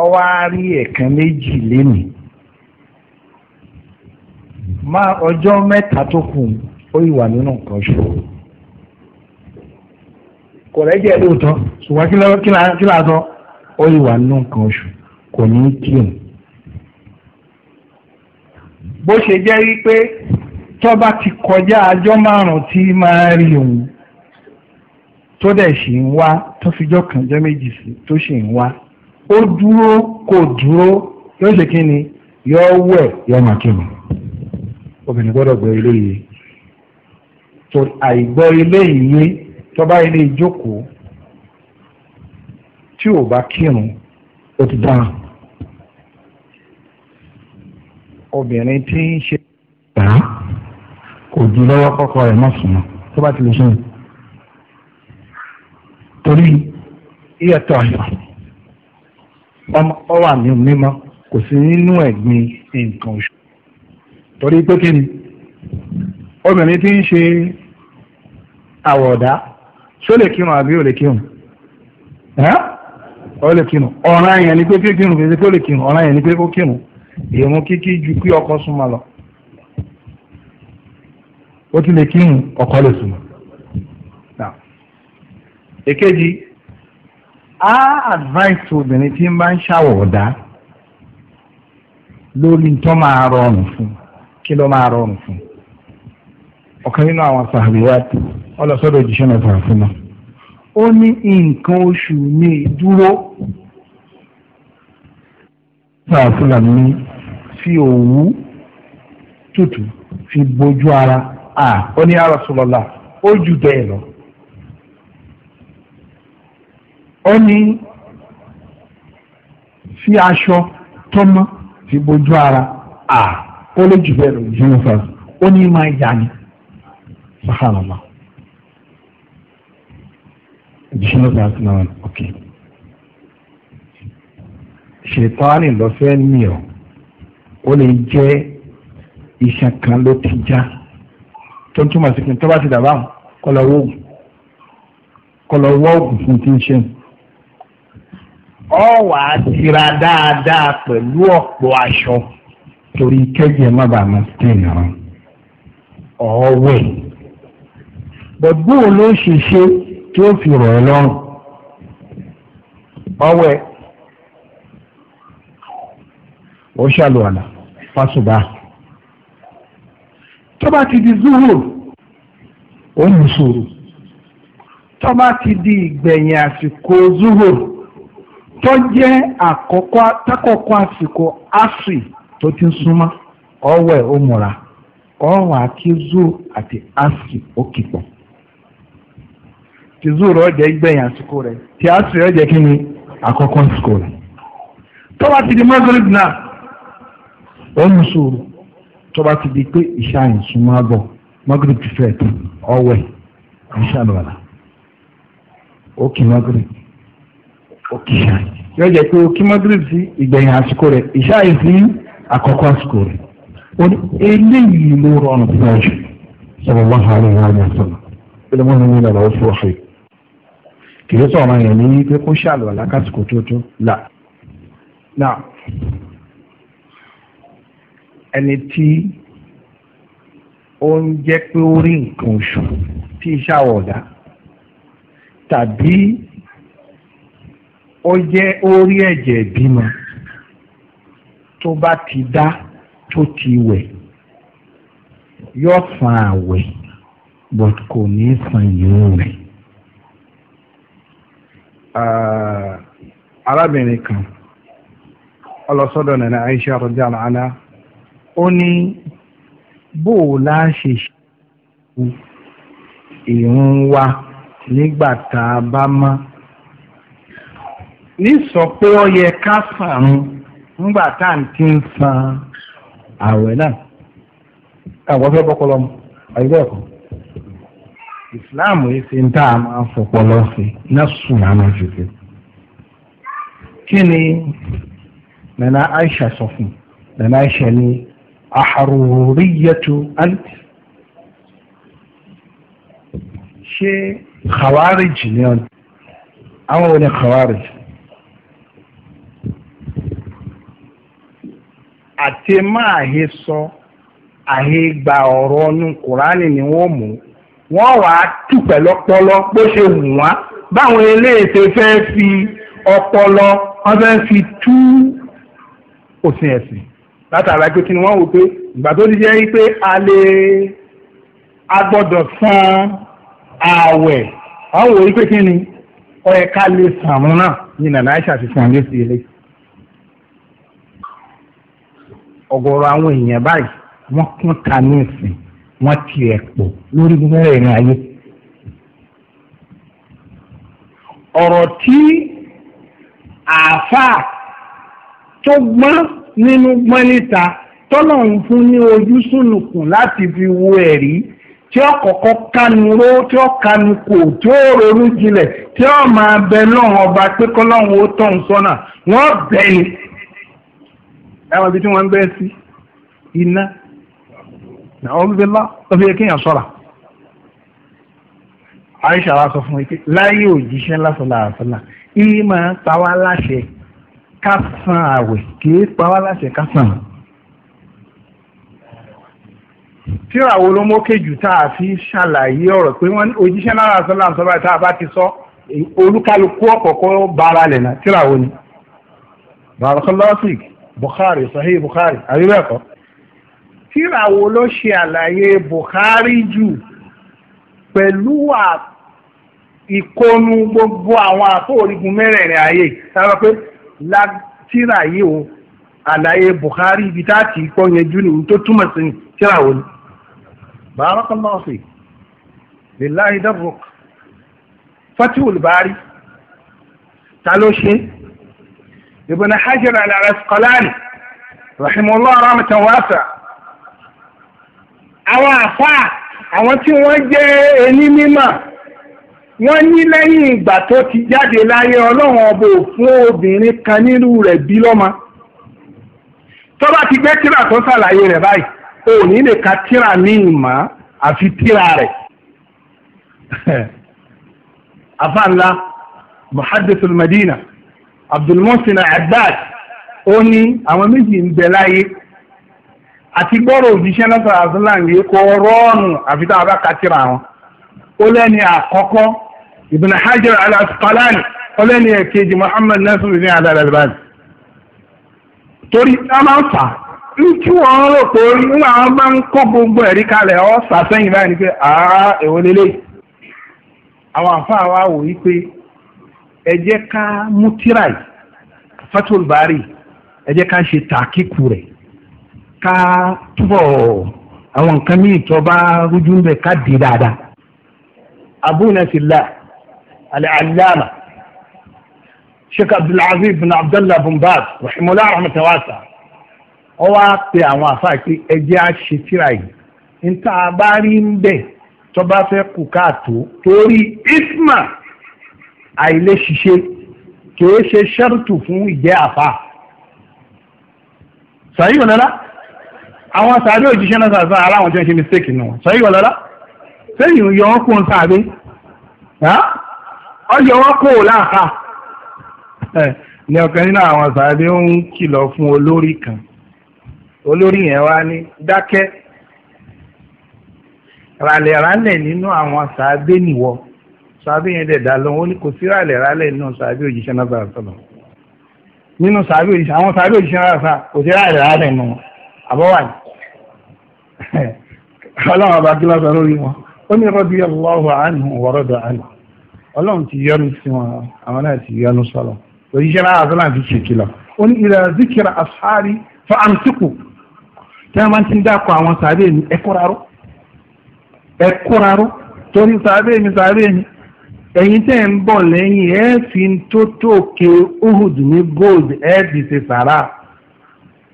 ọwọ́ á rí ẹ̀kan méjì lénìí má ọjọ́ mẹ́ta tó kù ó ìwà nínú nǹkan oṣù kò rẹ́jẹ̀ lóòótọ́ ṣùgbọ́n kí sọ ó nínú nǹkan oṣù kò ní í bó ṣe jẹ́ wípé tọ́ba ti kọjá ajọ́ márùn-ún tí máa rí òun tó dẹ̀ sì ń wá tó fijọ́ kàn jẹ́ méjì sí tó sì ń wá ó dúró kò dúró yóò ṣe kí ni wẹ̀ yóò máa kí ni obìnrin gbọ́dọ̀ gbọ́ tó àìgbọ́ ilé ìjókòó obìnrin tí ń ṣe tà kò di lọ́wọ́ kọ́kọ́ rẹ̀ mọ́ sùn tó bá ti lè sùn torí iyẹ̀tọ̀ àyà ọmọ ọwà mi mímọ́ kò sí nínú ẹ̀gbin nǹkan oṣù torí pé kí ni obìnrin tí ń ṣe àwọ̀dá ṣó lè kírun àbí ò lè kírun ó lè ni pé kí kírun lè kírun ni pé kó kírun. ìrún kíkí ju kí ọkọ súnmọ́ lọ ó ti lè kírun ọkọ lè súnmọ́. èkejì á advice obìnrin tí ń bá ń ṣàwọ̀dá lórí tó máa rọrùn fún kí ló máa rọrùn fún ọ̀kan nínú àwọn sàhàbíyàtì ọlọ́sọ́dọ̀ òjíṣẹ́ náà fàáfin náà ó ní nǹkan oṣù mi dúró sàásìlà ní fi òwú tútù fi bójú ara à ó ní arásùlọ́lá ó jù bẹ́ẹ̀ lọ. ó ní fi aṣọ tọ́mọ́ fi bójú ara à ó lè jù bẹ́ẹ̀ lọ jẹun fa ó ní máa yà ni sàhánàlá. Ìdíṣẹ́ náà sàásìlà wà ní ṣètọ́nì lọ́fẹ́ nì ọ́ ó lè jẹ́ iṣan kan ló ti já tó ń túmọ̀ sí pé tó bá ti dàbà kọ́ lọ wọ́ òògùn kọ́ lọ wọ́ òògùn fún ti ń ṣe ọ wà á tira dáadáa pẹ̀lú ọ̀pọ̀ aṣọ torí kẹ́jẹ́ má bàa máa tẹ̀ náà ọ̀wẹ̀ bọ̀dúwò ló ṣe ṣe tí ó fi rọ̀ ẹ́ lọ́rùn ọ̀wẹ̀ ó ṣàlùwàlà fásùbà tó bá ti di zuhur ó ní sùúrù tó bá ti di ìgbẹ̀yìn àsìkò zuhur tó jẹ́ àkọ́kọ́ tákọ́kọ́ àsìkò tó ti súnmọ́ ọwẹ́ ó múra ọrùn àti àti asri ó kìpọ̀ ti ìgbẹ̀yìn àsìkò rẹ̀ ti asri ọ̀jẹ̀ kí ni àkọ́kọ́ àsìkò ti di ó mú sùúrù ti di magrib ti fẹ́ tán ọ̀wẹ̀ ìṣá magrib oke kì ìṣá yóò jẹ́ magrib si ìgbẹ̀yìn àsìkò rẹ̀ ìṣá yìí sí àkọ́kọ́ àsìkò rẹ̀ eléyìí ló rọrùn fún ọjọ́ ha alaihi wa sallam ẹni tí ó ń jẹ́ pé ó rí nǹkan oṣù tí iṣẹ́ àwọ̀dá tàbí ó jẹ́ ó rí ẹ̀jẹ̀ ìbímọ tó bá ti dá tó ti wẹ̀ yóò san àwẹ̀ but kò ní san yòó rẹ̀. arábìnrin kan ọlọsọdọ nana Aisha radiyallahu anha ó ní bó o lá ṣe ṣe ìrun wa nígbà tá a bá mọ́ nísọ pé ó yẹ ká sàrun nígbà tá à ń ti ń san àwẹ̀ náà àwọn fẹ́ bọ́kọ lọ́mọ àyíká ẹ̀kọ́ islam yìí fi ń tá a máa fọpọlọ sí náà sùn àmọ́ jù sí kí ni nana aisha sọ fún nana aisha ni aharuriyatu anti ṣé khawarij ni ọ àwọn wo ni khawarij àti máa he sọ àhe gba ọ̀rọ̀ ọnu kùránì ni wọ́n mú wọ́n wàá tù pẹ̀lú ọpọlọ bó ṣe wù wá báwọn eléyèsè fẹ́ fi ọpọlọ wọ́n fẹ́ fi tú òsìn ẹ̀sìn. látara pé kí ni wọ́n wò pé ìgbà tó ti jẹ́ pé a lè a gbọ́dọ̀ san ààwẹ̀ wọ́n wò pé kí ni ọyẹ ká lè sàn mú náà ní nàná àìsà ti sàn lé sí ilé. ọ̀gọ̀rọ̀ àwọn èèyàn báyìí wọ́n kún ta ní ti pọ̀ lórí nínú gbọ́n níta tọ́lọ̀ ń fún ní ojú sùnùkùn láti fi wo ẹ̀rí tí ó kọ́kọ́ kánú ró tí ó kánú kò tí ó ronú jinlẹ̀ tí ó máa bẹ lọ́hùn ọba pé kọ́lọ́hùn ó tọ̀ ń sọ́nà wọ́n bẹ̀ ni. ẹ̀wọ̀n ibi tí wọ́n ń bẹ́ sí iná náà wọ́n bíbélá lọ́fi yẹ kéèyàn sọ́ra. Aisha wa sọ fún mi pé láyé òjíṣẹ́ lásán làásán là ìmọ̀ tàwa láṣẹ ká san àwẹ̀ kìí pa wá láṣẹ ká san. tíra wo ló mókè jù tá a fi ṣàlàyé ọ̀rọ̀ pé wọ́n ojíṣẹ́ náírà sọ́lá sọ́lá tá a bá ti sọ olúkálukú ọ̀kọ̀ọ̀kọ̀ bára lẹ̀ náà tíra wo ni. barakallasik Bukhari Sahih Bukhari àríwẹ̀kọ́. tíra wo ló ṣe àlàyé Bukhari jù pẹ̀lú ìkónú gbogbo àwọn àtòrígun mẹ́rẹ̀ẹ̀rin ayé tábà pé tíra yìí o àlàyé Bukhari ibi tá a ti kọ́ yẹn jú ni tó túmọ̀ sí ni tíra wo ni. barakallahu fi lillahi darruk fatihul bari ta ló ṣe ibn hajar al-asqalani rahimahullah rahmatan wasa àwọn àfa àwọn tí wọ́n jẹ́ ẹni mímọ́ wọ́n ní lẹ́yìn ìgbà tó ti jáde láyé ọlọ́run ọbọ̀ fún obìnrin kan nírú rẹ̀ bí lọ́mọ tó bá ti gbé tíra tó ṣàlàyé rẹ̀ báyìí o ní lè ka tíra ní ìmọ̀ àfi tíra rẹ̀ afanla <laughs> muhaddisul madina abdulmohsen abdad ó ní àwọn méjì ń bẹ láyé àti gbọ́rọ̀ òjíṣẹ́ náà sọ̀rọ̀ àtúnláǹgì kò rọrùn àfi tá a bá ka tíra wọn ó lẹ́ni àkọ́kọ́ ibn hajar al-asqalani ọlẹ́ni ẹ̀kejì muhammad nasiruddin al-albani torí a máa ń fà á ntí wọn rò pé nígbà wọn bá ń kó gbogbo ẹ̀rí kalẹ̀ ọ́ sàsẹ́yìn báyìí ni pé àá èwo lélẹ̀ àwọn àfáà wa wò yí pé ẹ jẹ́ ká mú tíra yìí fatul bari ẹ jẹ́ ká ṣe tàkíkù rẹ̀ ká túbọ̀ àwọn nǹkan míì tó bá rújú ń bẹ̀ ká di dáadáa abúlé ti la al-allama sheikh abdulaziz bin abdullah bin baz rahimahullah rahmatan wasa ọ wá pe àwọn àfáà pé ẹjẹ́ á ṣe tíra yìí níta bá rí ń bẹ̀ tó bá fẹ́ kù káàtó torí isma àìlè ṣiṣẹ́ kìí ṣe ṣẹ́rùtù fún ìjẹ́ àfáà sàyí ọ̀lọ́lá àwọn sàbẹ̀ òjíṣẹ́ náà sàbẹ̀ aláwọn tó ń ṣe mistake nù sàyí ọ̀lọ́lá sẹ́yìn yọ ọkùnrin sàbẹ̀ ọjọ́ wọn kò láàká. ní ọ̀kan nínú àwọn sàádé ń kìlọ̀ fún olórí kan olórí yẹn wá ní dákẹ́ ràlẹ̀ rálẹ̀ nínú àwọn sàádé nìwọ sàádé yẹn dẹ̀ dá lóhùn ó ní kò sí ràlẹ̀ rálẹ̀ nínú sàádé òjíṣẹ́ náà bàrà sọ̀rọ̀ nínú sàádé òjíṣẹ́ àwọn sàádé òjíṣẹ́ náà sà kò sí ràlẹ̀ rálẹ̀ nù àbọ̀wà ni ọlọ́run ọba kí lọ́sọ̀ lórí wọn ó ní rọ́bì ọlọ́run àánú wọ́rọ́dọ̀ àánú ọlọ́run ti yọ́nú sí wọn àwọn náà ti yọ́nú sọ̀rọ̀ òyìnbó náà àti láti ṣèkì lọ. ó ní ìlà zikira asari fa amsiku tí wọ́n máa ti ń dákọ̀ àwọn sàbẹ̀ mi ẹ kóraró ẹ kóraró torí sàbẹ̀ mi sàbẹ̀ mi ẹ̀yin tẹ́ ń bọ̀ lẹ́yìn ẹ fi tó tóòkè uhud ní gold ẹ fi ṣe sàrà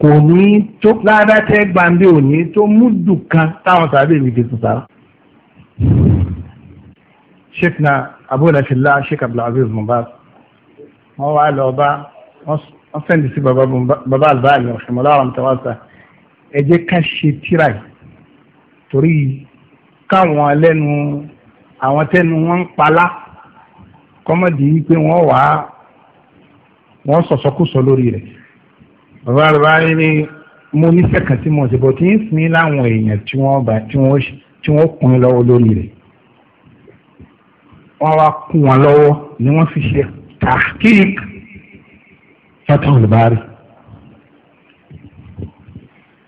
kò ní tó ládàá tẹ́ gbàǹdé òní tó múdù kan táwọn sàbẹ̀ mi fi ṣe sàrà sheikna abúlé fillah sheik abdulaziz mubaz wọn wá lọ bá wọn sẹ́ndì sí baba albaani rahimahullah tawasa ẹ jẹ́ ká ṣe tíra yìí torí káwọn lẹ́nu àwọn tẹ́nu wọn ń palá kọ́mọ̀dì wípé wọ́n wà á wọ́n sọ̀sọ́kùsọ lórí rẹ̀ baba albaani ni mo ní sẹ́kàn tí mo ti bọ̀ tí ń sin láwọn èèyàn tí wọ́n kún lọ́wọ́ lórí rẹ̀ wọ́n wá kún wọn lọ́wọ́ ni wọ́n fi ṣe tahqiq fatah al-bari.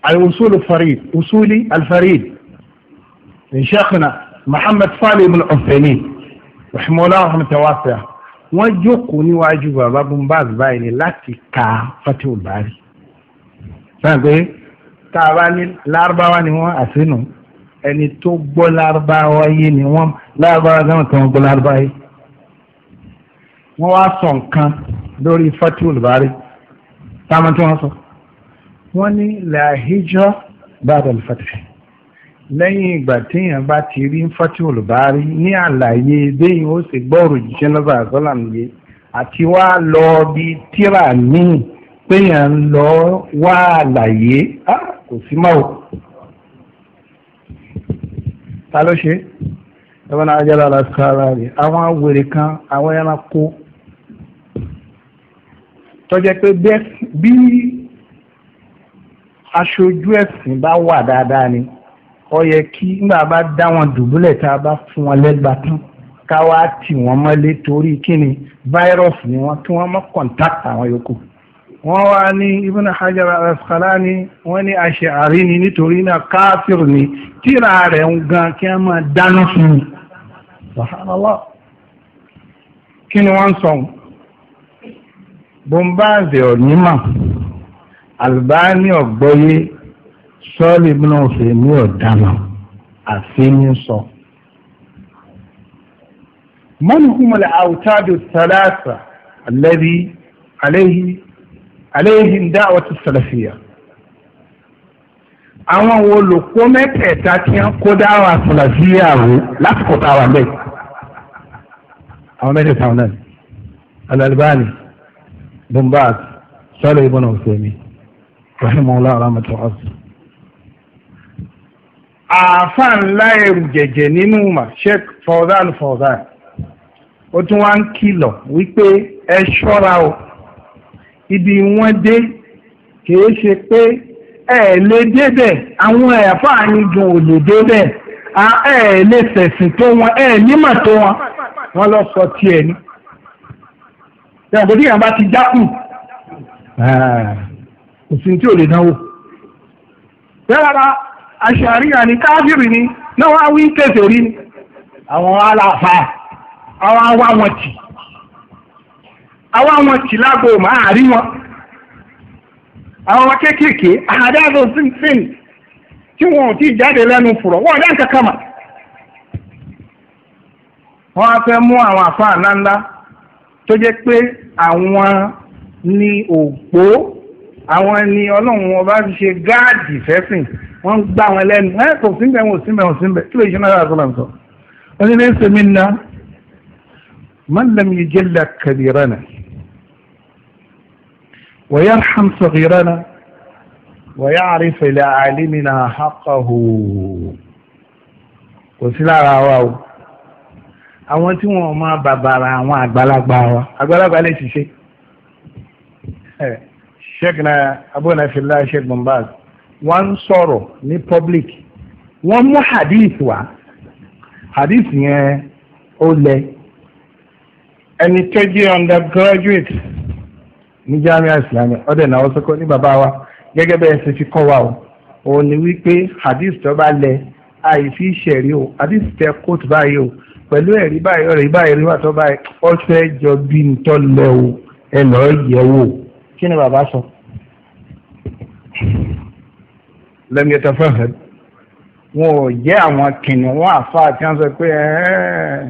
al-usul al-farid usuli al-farid min sheikhna muhammad salih ibn ọ̀fẹ́ni rahimahullah rahmatan wasi'a wọ́n jókòó níwájú bàbá bumbaz báyìí ni láti ka fatah al-bari. sáà pé tá a bá ní lárúbáwá ni wọ́n àṣínú ẹni tó gbọ́ lárúbáwá yé ni wọ́n lárúbáwá náà tó ń gbọ́ lárúbáwá yé wọ́n wá sọ nǹkan lórí fatul bari táwọn tí wọ́n sọ wọ́n ní làhíjọ́ bàdàl fatih lẹ́yìn ìgbà téèyàn bá ti rí fatul bari ní àlàyé béèyàn ó sì gbọ́rò jíjẹ́ lọ́ba àgọ́làm yé àti wá lọ bí tíra míì péèyàn lọ wá àlàyé ah, kò sí máa wò ta ló ṣe ẹ̀wọ̀n náà ajá lára sára rẹ̀ àwọn wèrè kan àwọn ẹranko tọ́jẹ́ pé bí aṣojú ẹ̀sìn bá wà dáadáa ni ó yẹ kí nígbà bá dá wọn dùbúlẹ̀ tá a bá fún wọn lẹ́gbàá tán ká wá tì wọ́n mọ́lé torí kíni fáírọ́ọ̀sì ni wọ́n kí wọ́n má kọ̀ǹtàkì àwọn yòókù wọ́n wá ní ibn hajar al-asqalani wọ́n ní aṣe'ari ni nítorí náà káfíìr ni tíra rẹ̀ ń gan kí wọ́n máa dáná fún un subhanallah kí ni wọ́n sọ bombaze onímọ̀ albani ọ̀gbọ́yé sọ́ọ̀lì ibn ọ̀fẹ̀mí ọ̀dàmà àfẹ́ni sọ. man humul awtadu thalatha alladhi alayhi alayhim da'watu salafiyya àwọn wo lò kó mẹ́tẹ̀ẹ̀ta tí wọ́n kó dáwà sàlàfíà wò lásìkò tá a wà bẹ́ẹ̀ àwọn mẹ́tẹ̀ẹ̀ta wọn náà Al-Albani Bin Baz Salih ibn Uthaymin rahimahullah rahmatu allah. àáfà ńlá ẹrù jẹ̀jẹ̀ nínú mà Sheikh Fawzan Fawzan ó tún wá ń kìlọ̀ wípé ẹ ṣọ́ra o ibi wọ́n dé kìí ṣe pé ẹ lè débẹ̀ àwọn ẹ̀fọ́ àníjùn ò lè débẹ̀ ẹ lè fẹ̀sìn tó wọn ẹ nímọ̀ tó wọn wọ́n lọ sọ tiẹ̀ ni. ìyàgbọ́dí yàrá bá ti jákù òsì tí ò lè náwó. Yára aṣàríyàn ni káfíìrì ni náà wá wí kẹsẹ̀ rí ni. Àwọn aláfa àwọn awá wọn tì àwa wọn kì lágbo máa rí wọn àwọn ọmọ kéékèèké àdáàbò sínfìn tí wọn ò tí jáde lẹ́nu fùrọ̀ wọn ọ̀dà nǹkan kan mà wọ́n á fẹ́ mú àwọn àfa ànáńlá tó jẹ́ pé àwọn ni òpó àwọn ni ọlọ́run ọba fi ṣe gáàdì fẹ́sìn wọ́n ń gbá wọn lẹ́nu ẹ kò sínbẹ̀ wọn ò sínbẹ̀ wọn kí ló ṣe náírà sọ́la sọ. wọ́n ní ní sẹ́mi ná man lam yujalla kabirana ويرحم صغيرنا ويعرف إلى عالمنا حقه وسلا sí lára wa o àwọn tí wọn máa bàbàrà àwọn àgbàlagbà wa àgbàlagbà lè ṣiṣẹ́ sheikh na abunafillah sheikh bombaz wọ́n sọ̀rọ̀ ní public wọ́n mú hadith wa. hadith yẹn ó lẹ ẹni tó jẹ́ undergraduate ní jamiu islamiyah ọdẹ náà sọkọ ní bàbá wa gẹ́gẹ́ bẹ́ẹ̀ ṣe fi kọ́ wa o òun ni wípé hadith tó bá lẹ àìsí ìṣẹ̀rí o hadith tẹ kóòtù báyìí o pẹ̀lú ẹ̀rí báyìí ọ̀rẹ́ báyìí ríwà tó báyìí ọ̀fẹ́ jọ bí ntọ́ lẹ o ẹ lọ́ọ́ yẹ wò kí ni bàbá sọ. lẹ́mi ẹ̀tọ́ fẹ́fẹ́ wọn ò jẹ́ àwọn kìnìún àfa àti wọn sọ pé ẹ̀ẹ́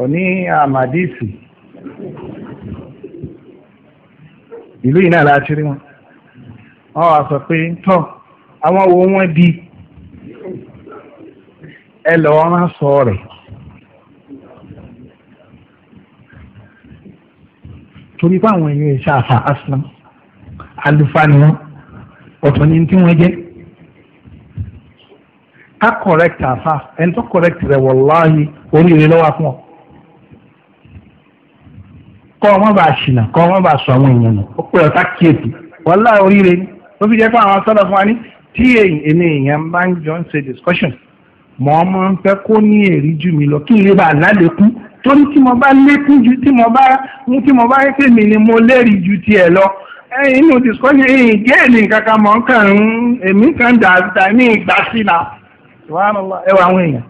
ọ̀ ní àmàdísì ìlú yìí náà láti rí wọn wọn wá sọ pé tọ àwọn wo wọn di ẹ lọ wọn sọ rẹ torí pé àwọn èèyàn ìṣe àfà aslam àlùfáà ni wọn ọ̀tọ̀ ni tí wọ́n jẹ́ ká correct àfà ẹni tó correct rẹ̀ wọ̀láhì oríire lọ́wọ́ fún ọ kọ́ ọmọ bá ṣìnà kọ́ ọmọ bá sọ àwọn èèyàn nù ó pè ọ̀tá kíyèsí wàhálà oríire ni ó fi jẹ́ pé àwọn sọ́dọ̀ fún wa ní tí èmi èèyàn bá ń jọ ń ṣe discussion mọ̀ ọ́ mọ̀ ń fẹ́ kó ní èrí jù mí lọ kí n lè bá lálékún torí tí mo bá lékún ju tí mo bá mú tí mo bá yẹ pé mi ni mo lérí ju tiẹ̀ lọ inú discussion ẹ̀yìn géèlì kankan mọ̀ ń kàn ń èmi kan dà dà ní ìgbà sí la ẹwà àwọn èèyàn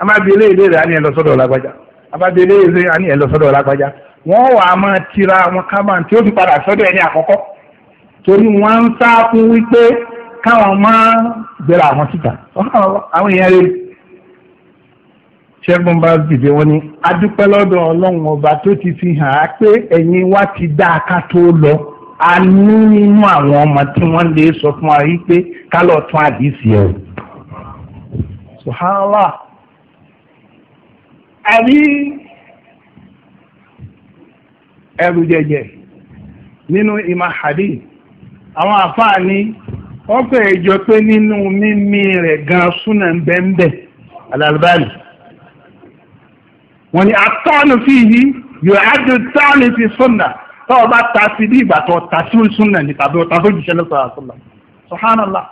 a máa bi eléyìí léèrè á ní ẹ lọ sọ́dọ̀ ọ̀làgbájá a máa bi eléyìí léèrè á ní ẹ lọ sọ́dọ̀ ọ̀làgbájá wọ́n wà á máa tira àwọn kábàn tí ó fi padà sọ́dọ̀ ẹni àkọ́kọ́ torí wọ́n ń sá fún wípé káwọn máa bẹ̀rẹ̀ àwọn síta àwọn èèyàn rẹ̀ ṣẹ́gun bá dìde wọn ni adúpẹ́ lọ́dọ̀ ọlọ́run ọba tó ti fi hàn á pé ẹ̀yin wa ti dá a ká tó lọ a ní nínú àwọn ọmọ tí wọ́n lè sọ fún wa wípé ká lọ tún àdìsí ẹ̀ o. subhanallah àbí ẹrù jẹjẹ nínú ìmọ̀ hadith àwọn àfáà ní wọ́n é jọ pé nínú mímí rẹ̀ gan súnà ń bẹ́ ń bẹ̀ Al-Albani wọ́n ní atọ́nu fi yí yóò ájú tọ́nu fi súnà tó o bá ta sí bí ìgbà tó ta sí súnà ní tàbí o ta tó jù sẹ́lẹ̀ sọ̀rọ̀ sọ̀rọ̀ subhanallah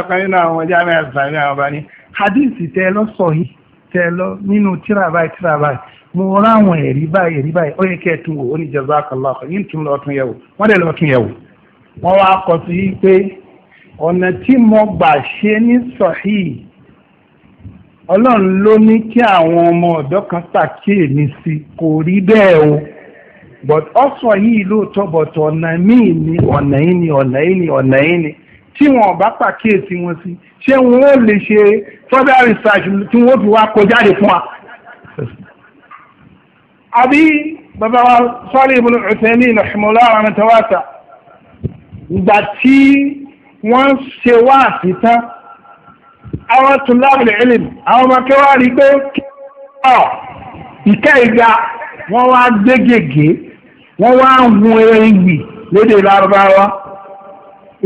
ọkàn nínú àwọn ọjà mẹ́rin sàmì àwọn bá ní hadith tẹ́ lọ sọ yìí tẹ́ lọ nínú mo ráwọn ẹ̀rí báyìí ẹ̀rí báyìí ó yẹ kẹ́ ẹ tún wò ó ní jazakallah kọ́ yín tún lọ́ọ́ tún yẹ̀ wò wọ́n dẹ̀ lọ́ọ́ tún yẹ̀ wò. wọ́n wá kọ sí i pé ọ̀nà tí mo gbà ṣe ní sọ̀hí ọlọ́run ló ní kí àwọn ọmọ ọ̀dọ́ kan ṣàkíyèmí sí kò rí bẹ́ẹ̀ o but ọ̀sọ̀ yìí lóòótọ́ but ọ̀nà míì ni ọ̀nà yìí ni ọ̀nà yìí ni ọ̀nà yìí ni tí wọn bá pàkíyèsí wọn sí ṣé wọn ò lè ṣe further research tí wọn ò fi wá kọjáde fún wa àbí bàbá wa sọ́ọ́lì ibùdó ọ̀sẹ̀ni ìlọ̀ṣẹ̀mọ́lá àwọn tẹ́wàtà ìgbà tí wọ́n ṣe wá àtìtán àwọn tún láàbùlì ẹ̀lẹ́mì àwọn ọmọ kẹwàá rí pé ìkẹ́ ìgbà wọ́n wá gbé gègé wọ́n wá hun ewì lédè lárúbáwá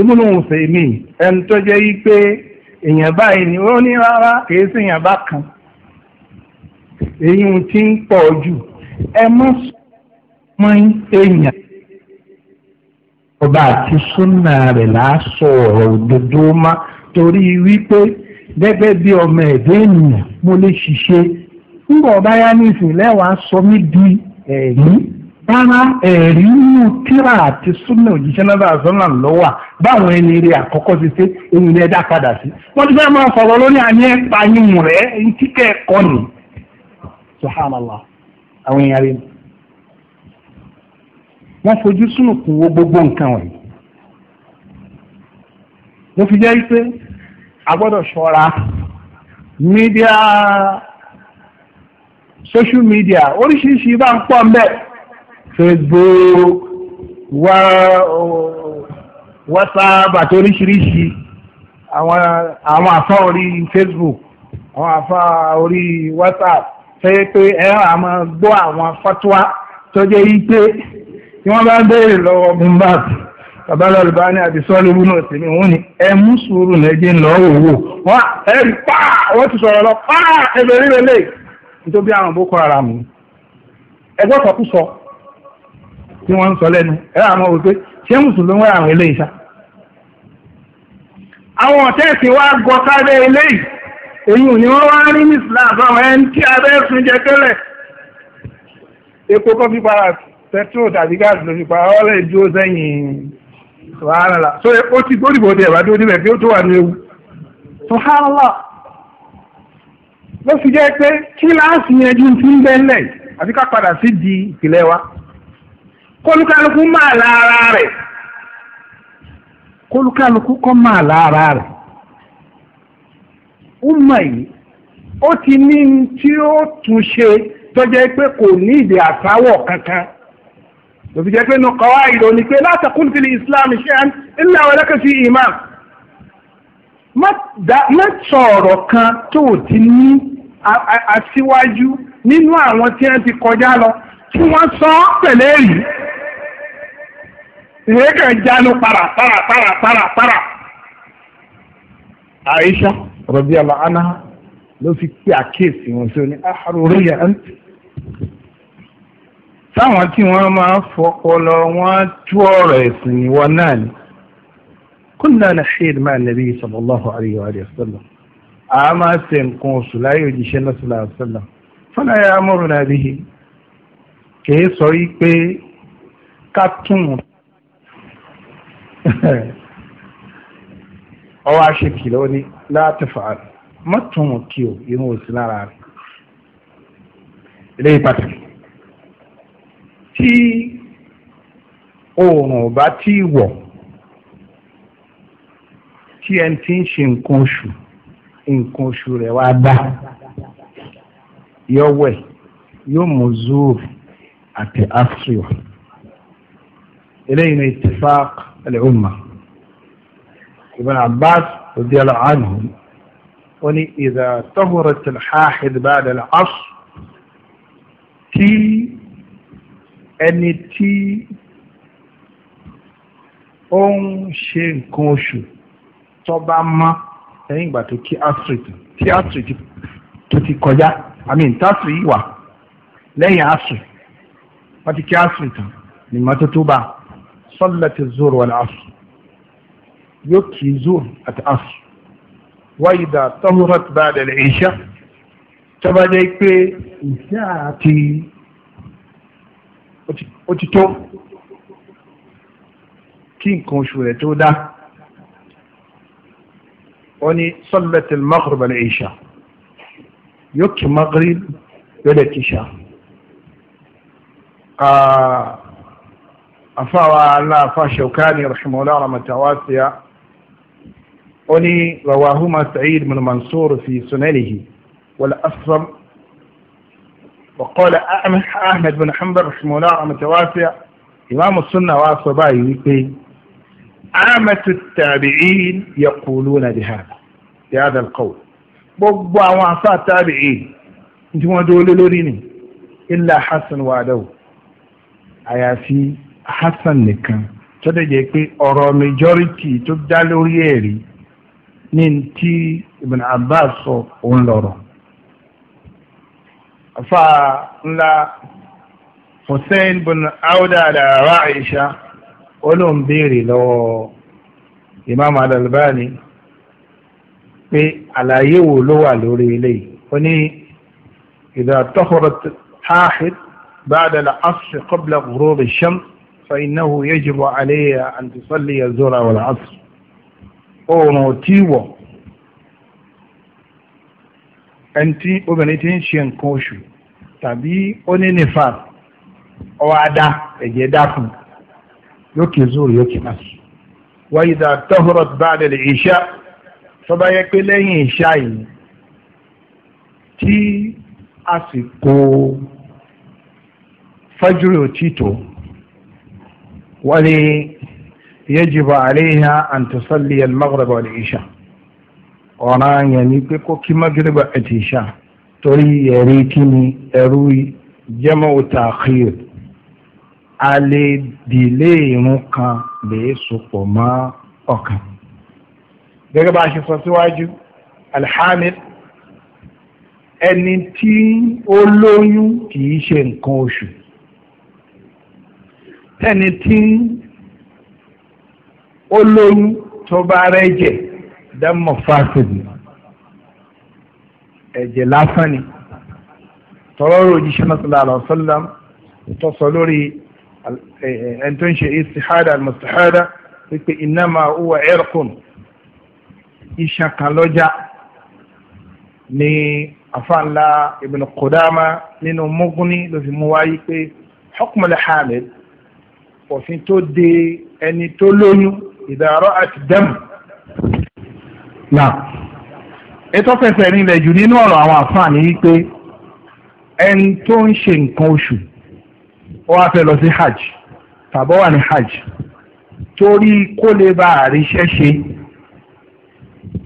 ibùdó ọ̀sẹ̀ni ẹni tó jẹ́ yí pé èèyàn báyìí ni ó ní rárá kìí sí èèyàn bá kan èyí tí ń pọ̀ jù ẹ mọ mọ èèyàn ọba àti súnà rẹ̀ láàṣọ ọ̀rọ̀ òdodo má torí wípé gẹ́gẹ́ bí ọmọ ẹdẹ ènìyàn mo lè ṣiṣẹ́ ńgbà ọba yá ní ìsìnlẹ̀ wàá sọ mí di ẹ̀rí rárá ẹ̀rí nínú tíra àti súnà òjíṣẹ́ náà bá sọ́nà lọ́wọ́ báwọn ẹni rí àkọ́kọ́ ti ṣe èyí ni ẹ dá padà sí wọ́n ti fẹ́ máa sọ̀rọ̀ lórí àní ẹ̀pá yín rẹ̀ ẹ̀yìn kíkẹ́ ẹ̀kọ́ ni subhanallah àwọn èèyàn rẹ̀ wọ́n fojú súnùkùn wo gbogbo nǹkan wọ̀nyí mo fi jẹ́ pé a gbọ́dọ̀ ṣọ́ra mídíà social media oríṣiríṣi bá ń pọ̀ ń bẹ̀ facebook wa whatsapp àti oríṣiríṣi àwọn àwọn àfa orí facebook àwọn àfa orí whatsapp fẹ́ pé ẹ àmọ́ gbọ́ àwọn fatuwa tó jẹ́ ipe tí wọ́n bá béèrè lọ́wọ́ bimbab babalọ́lù bá ní àbísọ́lù bú náà tèmi òun ni ẹ mú sùúrù lẹ́jẹ̀ lọ́wọ́ wò wọ́n ẹ rí pàà wọ́n ti sọ̀rọ̀ lọ pàà ẹbẹ̀ rírẹ̀ lè nítorí bí àwọn boko haram ni ẹgbẹ́ kọ̀ọ̀kú sọ tí wọ́n ń sọ lẹ́nu ẹ àwọn wò pé ṣé mùsùlùmí àwọn eléyìí sá àwọn ọ̀tẹ́ẹ̀sì wa gọ sáré eléyìí èyí ò ní wọ́n wá rí ní Islam fáwọn ẹni tí abẹ́ fún jẹ tẹ́lẹ̀ epo kọ́ fi para petrol tàbí gáàsì ló fi para ọ̀rẹ́ dúró sẹ́yìn wàhálà so ó ti gbódìbò tẹ̀ wá dúró níbẹ̀ kí ó tó wà ní ewu wàhálà ló fi jẹ́ pé kíláàsì yẹn ju ti ń bẹ́ ńlẹ̀ àti ká padà sí di ìpìlẹ̀ wa kólúkálukú máa lára rẹ̀ kólúkálukú kọ́ máa lára rẹ̀ ọmọ yìí ó ti ní tí ó tún ṣe tó jẹ́ pé kò ní ìdè àtàwọ̀ kankan òbí jẹ́ pé nu kọ́wá ìrò ni pé látàkùn fìlì islam ṣẹ́yàn ńlá wọlé kan sí imam má sọ̀rọ̀ kan tó ti ní aṣíwájú nínú àwọn tí wọ́n ti kọjá lọ tí wọ́n sọ pẹ̀lú èyí ìrẹ́kẹ̀ jánu para para para para para àìṣá radiyallahu anha ló fi pé àkíyèsí wọn sí ọ ní àròríyà ẹ̀ǹtì táwọn tí wọ́n máa ń fọpọlọ wọn tú ọ̀rọ̀ ẹ̀sìn ìwọ náà ni kunna nahid ma'a nabi sallallahu alayhi wa sallam a máa ṣe nǹkan oṣù láyé òjíṣẹ́ náà sallallahu alayhi wa sallam fala ya'muruna bihi kìí sọ yí pé ká tún <laughs> ọwọ́ àṣekìlọ́ ni láti fàánù má tún un kí o irun òsì lára rẹ̀ eléyìí pàtàkì tí oòrùn ò bá tí ì wọ̀ tí ẹni tí ń ṣe nǹkan oṣù nǹkan oṣù rẹ̀ wá dá yọ yóò mú zuru àti afrio eléyìí ní ittifaq al-umma Ibn Abbas. رضي الله عنه وني إذا طهرت الحاحد بعد العصر تي ẹni tí ó ń ṣe nǹkan oṣù tó bá mọ́ lẹ́yìn ìgbà tó kí astrid tí astrid tó ti kọjá àmì ìtàsí wà lẹ́yìn astrid wọ́n ti kí astrid tán ní mọ́tótó bá sọ́lá ti zoro wal asr yóò kì í zuhr àti asr wa idha tahurat ba'da al-isha tọ́bajẹ́ pé ìṣá àti òtítọ́ kí nǹkan oṣù rẹ̀ tó dá wọ́n ní sallat al-maghrib al-isha yóò kí maghrib yóò kí isha afawa aláfa Shawkani rahimahullah rahmatawasiya. أني رواهما سعيد بن من منصور في سننه والأصم وقال أحمد بن حنبل رحمه الله رحمة واسعة إمام السنة وصباي عامة التابعين يقولون بهذا بهذا القول gbogbo àwọn afa tabi'i tí wọn dúró lórí ni illa hasan wadaw àyàfi hasan nìkan tó dẹ̀ jẹ́ pé ọ̀rọ̀ majority tó dá lórí ẹ̀rí نين تي ابن عباس اون لورو فا لا حسين بن عودة على رائشة ولهم مبيري لو إمام على الباني في على يو لوا لوري لي وني إذا طهرت حاحد بعد العصر قبل غروب الشمس فإنه يجب علي أن تصلي الزور والعصر oòrùn ò tí wọ̀ ẹni tí obìnrin ti ń ṣe nǹkan oṣù tàbí ó ní nifas ọwọ́ adá ẹ̀jẹ̀ dá fún yókè zoro yókè má sí. wáyé dà tọ́húrọ̀t bá dẹ̀lẹ̀ ìṣá tó bá yẹ pé lẹ́yìn ìṣá yìí tí àsìkò fájúrò títò wọlé yajibu alayha an tusalli al-maghrib wal isha ọ̀ràn yẹn ni pé kó kí magreba àti isha torí ẹ̀rí kíni ẹ̀rú jama'u ta'khir a lè dìlé irun kan lè sopọ̀ mọ́ ọ̀kan. gẹ́gẹ́ bá a ṣe sọ síwájú alhamid ẹni tí ó lóyún kì í ṣe nǹkan oṣù ẹni tí ó lóyún tó bá rẹ́jẹ̀ dẹ́mọ̀ fásitì ẹ̀jẹ̀ lásán ni tọ́lọ́rọ̀ òjíṣẹ́ náà sallallahu alaihi wasallam tó sọ lórí ẹni tó ń ṣe istihada almustahada wípé innama huwa irqun iṣan kan lọ́jà ní afanla ibn Qudama nínú Mughni ló mú wáyé pé hukmul hamil òfin tó de ẹni tó lóyún ìdàrọ́ àti dẹ́mù. nà ètò fẹsẹ̀ rinlẹ̀ jù nínú ọ̀rọ̀ àwọn àfààní wípé ẹni tó ń ṣe nǹkan oṣù ó wá fẹ́ lọ sí hajj tàbí wà ní hajj torí kó lè bá àríṣẹ́ ṣe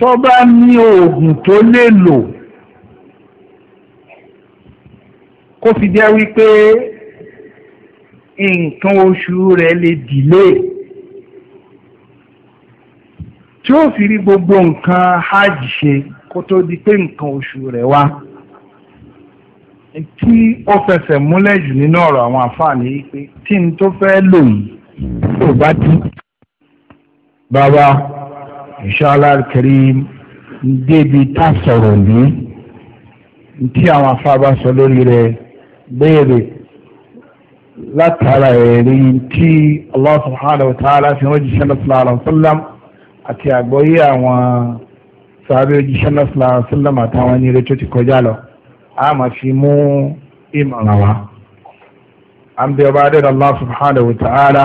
tó bá ní oògùn tó lè lò kó fi jẹ́ wípé nǹkan oṣù rẹ̀ lè dìlé tí ó fi rí gbogbo nǹkan hajj ṣe kó tó di pé nǹkan oṣù rẹ̀ wá tí ó fẹsẹ̀ múlẹ̀ jù nínú ọ̀rọ̀ àwọn àfààní pé tí n tó fẹ́ lò yìí tó bá dín. bàbá inshallah karim débi tá a sọ̀rọ̀ ní tí àwọn afábá sọ lórí rẹ̀ béèrè látara ẹ̀rí tí Allah subhanahu wa ta'ala fi hàn jíṣẹ́ lọ́sọ̀lá àlọ́ sọ́lá. àti àgbọ́yé àwọn sàbẹ̀ òjíṣẹ́ lọ́sọ̀lá sílẹ̀mù àtàwọn ẹni rẹ̀ tó ti kọjá lọ a máa fi mú ìmọ̀ràn wá. à ń bẹ ọba adé Allah subhanahu wa ta'ala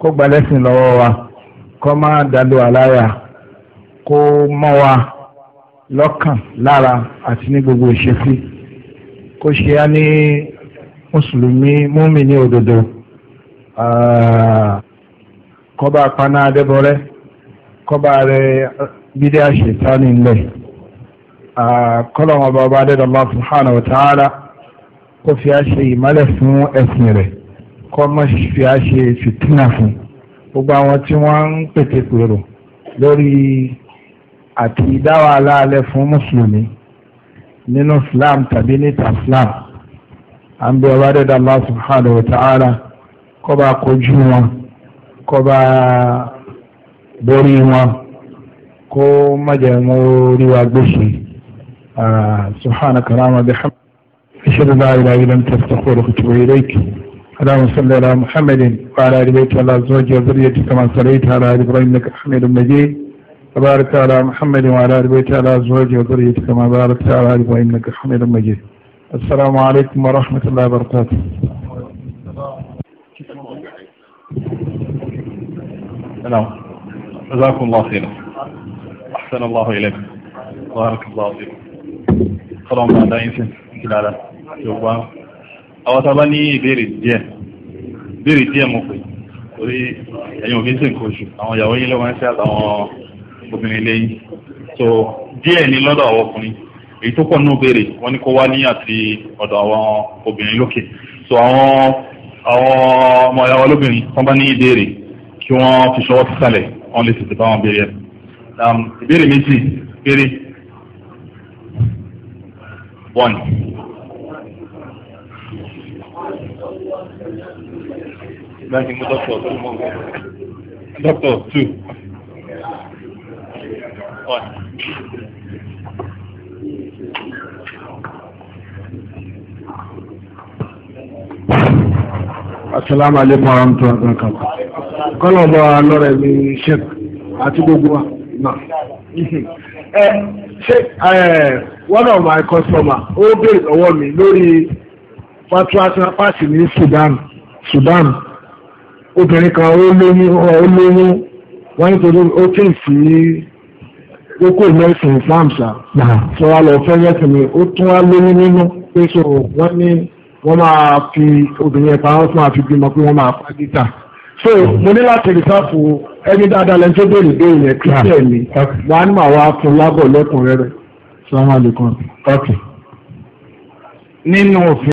kó gba lẹ́sìn lọ́wọ́ wa kó má Ko àláyà kó mọ́ wa lọ́kàn lára àti ní gbogbo ìṣesí kó ṣe á ní mùsùlùmí múmi ní òdodo kó paná kọba rẹ̀ bídí àṣetánì ńlẹ̀ kọ́lọ́mọ bàbá adédọ́lá subhanahu wa ta'ala kó fi àṣe ìmọ́lẹ̀ fún ẹ̀sìn rẹ̀ kọ́ mọ́ fi àṣe fìtínà fún gbogbo àwọn tí wọ́n ń pètè pèrò lórí àti ìdáwà aláàlẹ̀ fún mùsùlùmí nínú islam tàbí níta islam à ń bẹ ọba adédọ́lá subhanahu wa ta'ala kọba kojú wọn kọba. borí wọn kó májẹ̀mú rí wa gbèsè ah, subhanaka Allahumma bihamdika ashhadu an la ilaha illa anta astaghfiruka wa atubu ilayk اللهم صل على محمد وعلى ال بيته وعلى ازواجه وذريته كما صليت على ال ابراهيم انك حميد مجيد وبارك على محمد وعلى ال بيته وعلى ازواجه وذريته كما باركت على ال ابراهيم انك حميد مجيد السلام عليكم ورحمه الله وبركاته Hello. جزاكم الله خيرا أحسن الله إليكم بارك الله فيكم kọ́lọ́mù àdá yín sìn kí dáadáa yorùbá àwọn tá a bá ní ìbéèrè díẹ̀ ìbéèrè díẹ̀ mo pè torí ẹ̀yin òfin sì ń koṣù àwọn ìyàwó yín lọ́wọ́ ń ṣe àtàwọn obìnrin lẹ́yìn so díẹ̀ ní lọ́dọ̀ àwọn ọkùnrin èyí tó pọ̀ nínú béèrè wọ́n ní kó wá ní àti ọ̀dọ̀ àwọn obìnrin lókè so àwọn àwọn ọmọ ìyàwó lóbìnrin wọ́n bá ní ìbéèrè kí wọ́n wọ́n lè tètè bá wọn béèrè ẹ̀. Um, ìbéèrè méjì péré one. láti mú dọ́kítọ̀ tó mọ̀ dọ́kítọ̀ two one. Thank you asalaamu aleykum wa rahmatulah kankan kọ́lọ̀ bá wa lọ́rọ̀ ẹ̀mí sheik àti gbogbo wa náà. ṣé one of my customer ó béèrè lọ́wọ́ mi lórí fatwa sinapasi Sudan Sudan obìnrin kan ó lóyún ó lóyún wọ́n ní torí ó tẹ̀ sí kókó mẹ́sìn Islam ṣá. sọ wa lọ fẹ́ yẹ́sìn mi ó tún wá lóyún nínú pé so wọ́n ní wọ́n máa fi obìnrin ẹ̀pà wọn fún àfi bímọ pé wọ́n máa pa gítà so mo ní láti rìsáàfù ẹni dáadáa lẹ́ni tó béèrè béèrè yẹn kíkẹ́ mi wàá ní màá wá fún lágọ̀ lẹ́kùnrẹ́rẹ́ sàmàlìkàn. nínú òfin.